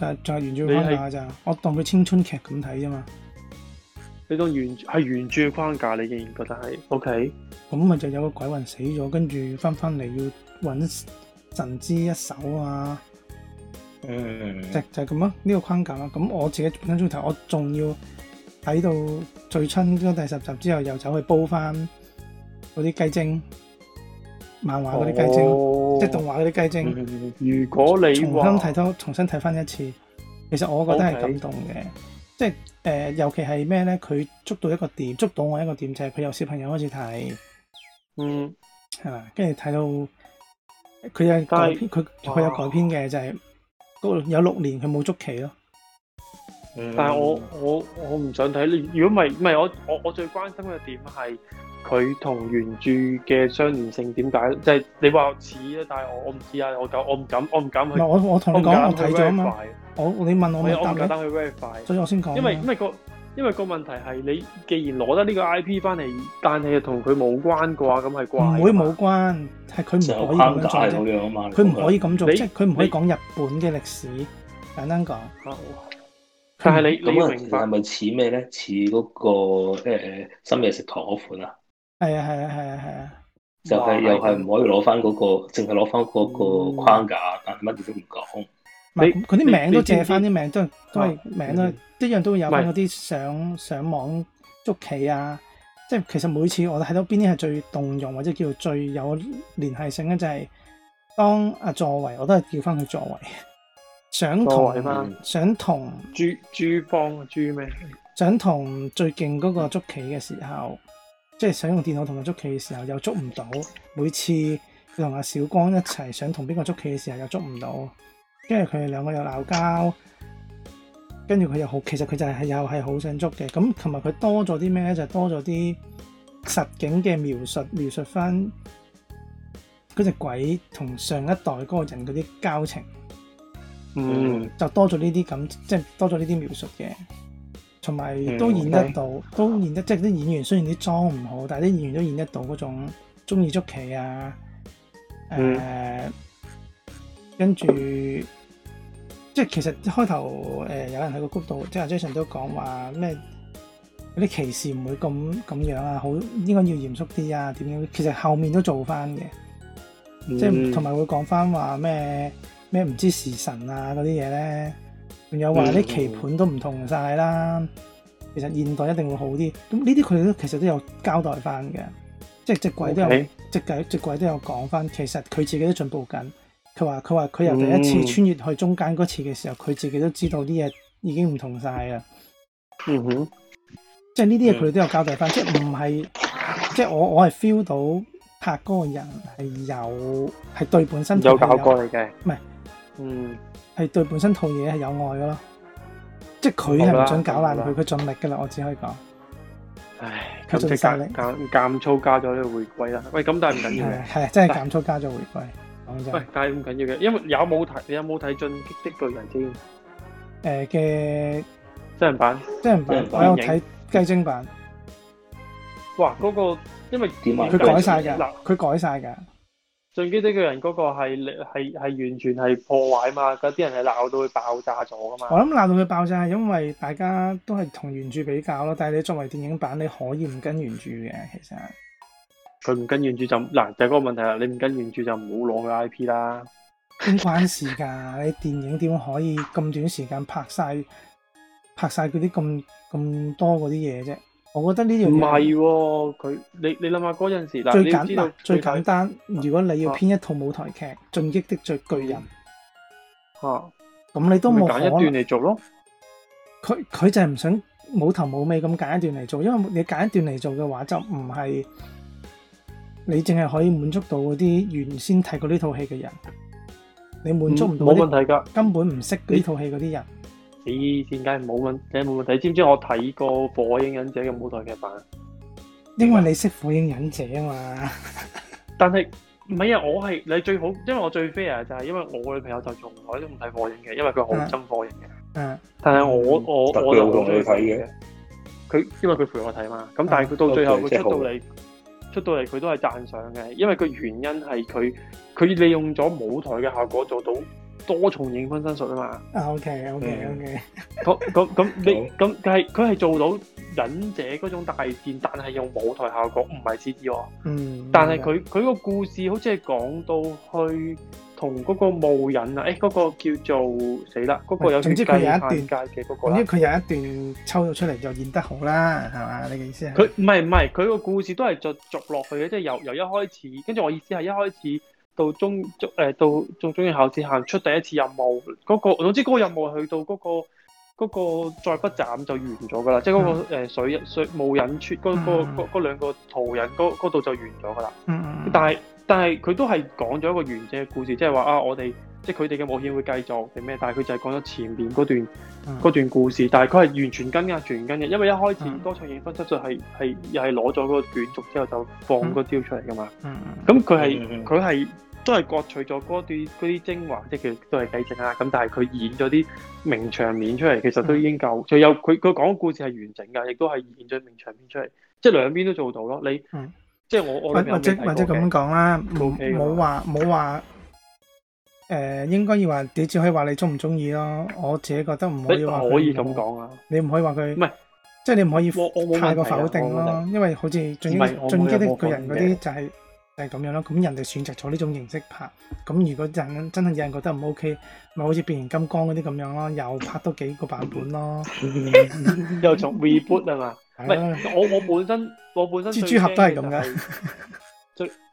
但係仲係原著個框架咋？我當佢青春劇咁睇啫嘛。你當原係原著框架，你仍然覺得係 OK。咁咪就有個鬼魂死咗，跟住翻翻嚟要揾神之一手啊！誒、嗯，就就咁啊！呢、這個框架啊！咁我自己本身中意睇，我仲要睇到最親嗰第十集之後，又走去煲翻嗰啲雞精漫畫嗰啲雞精，畫那些雞精哦、即係動畫嗰啲雞精。如果你重新睇多，重新睇翻一次，其實我覺得係感動嘅。Okay? 即係誒、呃，尤其係咩咧？佢捉到一個點，捉到我一個點，就係佢由小朋友開始睇，嗯，係嘛，跟住睇到佢有改編，佢佢有改編嘅就係、是、嗰有六年佢冇捉棋咯。但係我我我唔想睇。如果唔係唔係我我我最關心嘅點係佢同原著嘅相連性點解？即係你話似咧，但係我我唔知啊！我敢我唔敢我唔敢去。唔係我我同你講，我睇咗啊嘛。我你問我，我唔敢去 verify。所以我先講。因為因為個因為個問題係你既然攞得呢個 IP 翻嚟，但係又同佢冇關嘅話，咁係怪。唔會冇關，係佢唔可以咁做啫。佢唔可以咁做，即係佢唔可以講日本嘅歷史。簡單講。啊好。嗯、但係你咁樣，係咪似咩咧？似嗰、嗰個、呃、深夜食堂嗰款啊？係啊，係啊，係啊，係啊，就係、係、又係唔可以攞翻嗰個，淨係攞翻嗰個框架，但係乜嘢都唔講。你佢啲名都借翻啲名都，名都、啊、名都係名啦，一、嗯、樣都會有。咪嗰啲上上網捉棋啊，即係其實每次我睇到邊啲係最動容，或者叫最有聯繫性咧、就係，就係當阿座位，我都係叫翻佢座位。想同想同朱朱芳朱咩？想同最勁嗰個捉棋嘅時候，即係想用電腦同佢捉棋嘅時候又捉唔到。每次佢同阿小光一齊想同邊個捉棋嘅時候又捉唔到，跟住佢哋兩個又鬧交，跟住佢又好，其實佢就係又係好想捉嘅。咁琴日佢多咗啲咩咧？就多咗啲實景嘅描述，描述翻嗰隻鬼同上一代嗰個人嗰啲交情。嗯、mm -hmm.，就多咗呢啲咁，即係多咗呢啲描述嘅，同埋都演得到，mm -hmm. 都演得即係啲演員雖然啲妝唔好，但係啲演員都演得到嗰種中意捉棋啊，誒、mm -hmm. 呃，跟住即係其實一開頭誒、呃，有人喺個谷度，即係阿 Jason 都講話咩嗰啲歧視唔會咁咁樣啊，好應該要嚴肅啲啊，點樣？其實後面都做翻嘅，mm -hmm. 即係同埋會講翻話咩？咩唔知道時辰啊嗰啲嘢咧，仲有話啲棋盤都唔同晒啦。Mm -hmm. 其實現代一定會好啲。咁呢啲佢哋都其實都有交代翻嘅，即係隻鬼都有，隻鬼隻鬼都有講翻。其實佢自己都進步緊。佢話佢話佢由第一次穿越去中間嗰次嘅時候，佢、mm -hmm. 自己都知道啲嘢已經唔同晒啊。嗯哼，即係呢啲嘢佢哋都有交代翻、mm -hmm.，即係唔係即係我我係 feel 到拍嗰個人係有係對本身有教過嚟嘅，唔係。嗯，係對本身套嘢，係有愛嘅咯，即係佢係唔準搞爛佢，佢盡力嘅啦，我只可以講。唉，佢盡晒力，減減粗加咗呢個回歸啦。喂，咁但係唔緊要嘅，係真係減粗加咗回歸。喂，但係唔緊要嘅，因為有冇睇？你有冇睇《進擊的巨人》先？誒，嘅真人版，真人版，我有睇雞精版。哇！嗰個因為點呀？佢改晒噶，佢改晒噶。最基的嘅人嗰個係力係係完全係破壞啊嘛，嗰啲人係鬧到佢爆炸咗啊嘛。我諗鬧到佢爆炸，係因為大家都係同原著比較咯。但係你作為電影版，你可以唔跟原著嘅，其實佢唔跟原著就嗱，就係嗰個問題啦。你唔跟原著就唔好攞佢 I P 啦。都關事噶，你電影點可以咁短時間拍晒拍晒嗰啲咁咁多嗰啲嘢啫？我覺得呢樣唔係佢，你你諗下嗰陣時，但係你知道最簡單、啊。如果你要編一套舞台劇《進、啊、擊的最巨人》啊，啊，咁你都冇可能。佢佢就係唔想冇頭冇尾咁揀一段嚟做，做，因為你揀一段嚟做嘅話，就唔係你淨係可以滿足到嗰啲原先睇過呢套戲嘅人，你滿足唔到冇問題噶，根本唔識呢套戲嗰啲人。咦？點解冇問？你冇問？你知唔知我睇過《火影忍者》嘅舞台劇版？因為你識《火影忍者 》啊嘛。但係唔係啊？我係你最好，因為我最 fair 就係因為我女朋友就從來都唔睇《火影》嘅，因為佢好憎《火影》嘅、啊。嗯。我但係我我我就好中意睇嘅。佢因為佢陪我睇嘛，咁但係佢到最後佢、啊、出到嚟、啊，出到嚟佢都係讚賞嘅，因為佢原因係佢佢利用咗舞台嘅效果做到。多重影分身術啊嘛，OK OK OK，咁咁你咁，但係佢係做到忍者嗰種大戰， 但係用舞台效果唔係次次喎，不是 CD, 嗯，但係佢佢個故事好似係講到去同嗰個無忍啊，誒、欸、嗰、那個叫做死啦，嗰、那個有段佳嘅，總之佢有,、那個、有一段抽咗出嚟就演得好啦，係嘛？你嘅意思係，佢唔係唔係佢個故事都係續續落去嘅，即、就、係、是、由由一開始，跟住我意思係一開始。到中中誒、呃，到中中要考試行出第一次任務嗰、那個，總之嗰個任務去到嗰、那個嗰、那個再不站就完咗噶啦，即係嗰個誒水水霧引出嗰嗰嗰兩個圖隱嗰嗰度就完咗噶啦。但係但係佢都係講咗一個完整嘅故事，即係話啊，我哋。即係佢哋嘅冒險會繼續定咩？但係佢就係講咗前面嗰段、嗯、嗰段故事，但係佢係完全跟啊，全跟嘅。因為一開始《嗯、多情影分出咗係係又係攞咗嗰個卷軸之後就放個招出嚟噶嘛。咁佢係佢係都係割取咗嗰段嗰啲精華，即係其實都係雞精啊。咁但係佢演咗啲名場面出嚟，其實都已經夠。就、嗯、有佢佢講嘅故事係完整嘅，亦都係演咗名場面出嚟，即係兩邊都做到咯。你、嗯、即係我我或者我或者咁講啦，冇冇話冇話。誒，應該要話，你只可以話你中唔中意咯。我自己覺得唔可以話佢。你可以咁講啊，你唔可以話佢。唔係，即係你唔可以太過否定咯。因為好似《進擊進擊的巨人》嗰啲就係就係咁樣咯。咁人哋選擇咗呢種形式拍，咁如果人真係有人覺得唔 OK，咪好似《變形金剛》嗰啲咁樣咯，又拍多幾個版本咯，又從 reboot 吖嘛？唔係，我我本身我本身蜘蛛俠都係咁噶。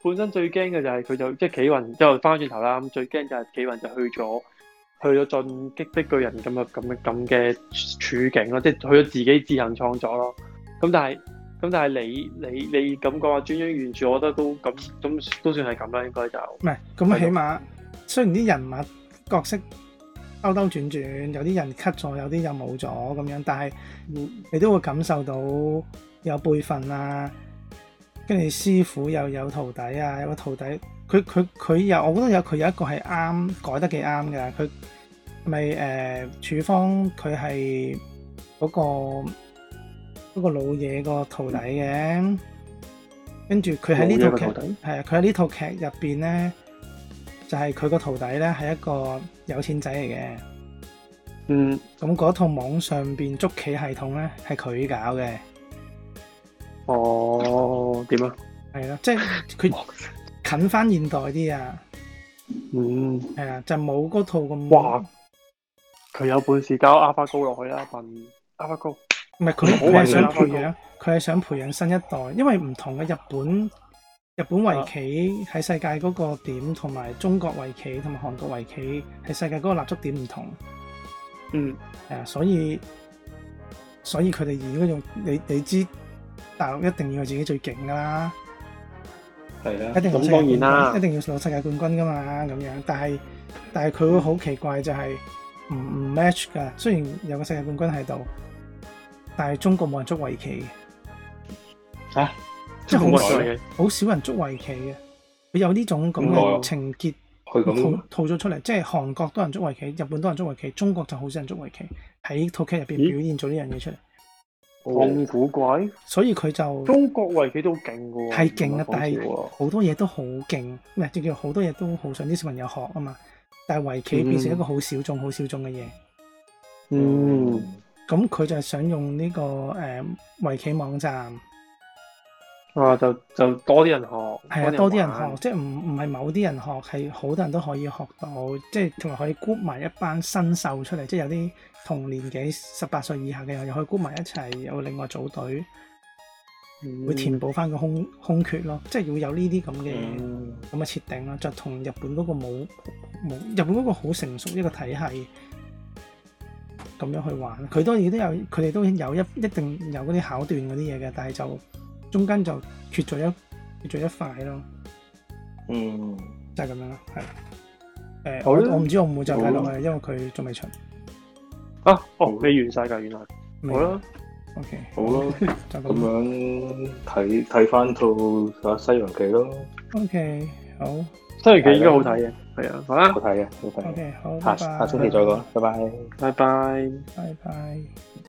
本身最驚嘅就係佢就即係企雲之後翻咗轉頭啦，咁最驚就係企雲就去咗去咗進擊的巨人咁嘅咁嘅咁嘅處境咯，即係去咗自己自行創作咯。咁但係咁但係你你你咁講話尊重原著，我覺得都咁咁都算係咁啦，應該就唔係咁，起碼雖然啲人物角色兜兜轉轉，有啲人 cut 咗，有啲又冇咗咁樣，但係你都會感受到有輩分啊。跟住師傅又有徒弟啊，有個徒弟，佢佢佢又，我覺得有佢有一個係啱改得幾啱嘅，佢咪誒處方佢係嗰個嗰個老嘢個徒弟嘅，跟住佢喺呢套劇係啊，佢喺呢套劇入邊咧，就係佢個徒弟咧係一個有錢仔嚟嘅，嗯，咁嗰套網上邊捉棋系統咧係佢搞嘅，哦、嗯。嗯。點啊？係啊，即係佢近翻現代啲啊。嗯。係啊，就冇嗰套咁。哇！佢有本事教阿花高落去啦，笨阿花高。唔係佢，佢係想培養，佢係想培養新一代，因為唔同嘅日本日本圍棋喺世界嗰個點，同埋中國圍棋同埋韓國圍棋喺世界嗰個立足點唔同。嗯。係啊，所以所以佢哋而家用你你知。大陸一定要自己最勁噶啦，係啦，一定要攞世界冠軍，當然啦，一定要攞世界冠軍噶嘛咁樣。但係但係佢會好奇怪就係唔唔 match 噶。雖然有個世界冠軍喺度，但係中國冇人捉圍棋嘅，啊、即係好少好少人捉圍棋嘅。佢有呢種咁嘅情結，套套咗出嚟，即係韓國多人捉圍棋，日本多人捉圍棋，中國就好少人捉圍棋。喺套劇入邊表現咗呢樣嘢出嚟。咁古怪，所以佢就中國圍棋都好勁嘅喎，係勁啊！但係好多嘢都好勁，唔係仲要好多嘢都好想啲小朋友學啊嘛。但係圍棋變成一個好小眾、好小眾嘅嘢。嗯，咁佢、嗯嗯嗯、就係想用呢、這個誒、呃、圍棋網站，哇、啊！就就多啲人學，係啊，多啲人學，即係唔唔係某啲人學，係好、就是、多人都可以學到，即係同埋可以 group 埋一班新秀出嚟，即、就、係、是、有啲。同年紀十八歲以下嘅人又可以 group 埋一齊，有另外組隊，會填補翻個空、嗯、空缺咯。即係要有呢啲咁嘅咁嘅設定咯。就同日本嗰個冇冇日本嗰個好成熟一個體系咁樣去玩。佢當然都有，佢哋都有一一定有嗰啲考段嗰啲嘢嘅，但係就中間就缺咗一缺咗一塊咯。嗯，就係、是、咁樣啦。係。誒、呃，我唔知我唔會就睇落去，因為佢仲未出。啊！哦，未完晒噶？原來好啦，OK，好啦，咁 樣睇睇翻套西洋棋咯。OK，好，西洋棋應該好睇嘅，係啊，好啦，好睇嘅，好睇。OK，好，bye bye 下下星期再講，拜拜，拜拜，拜拜。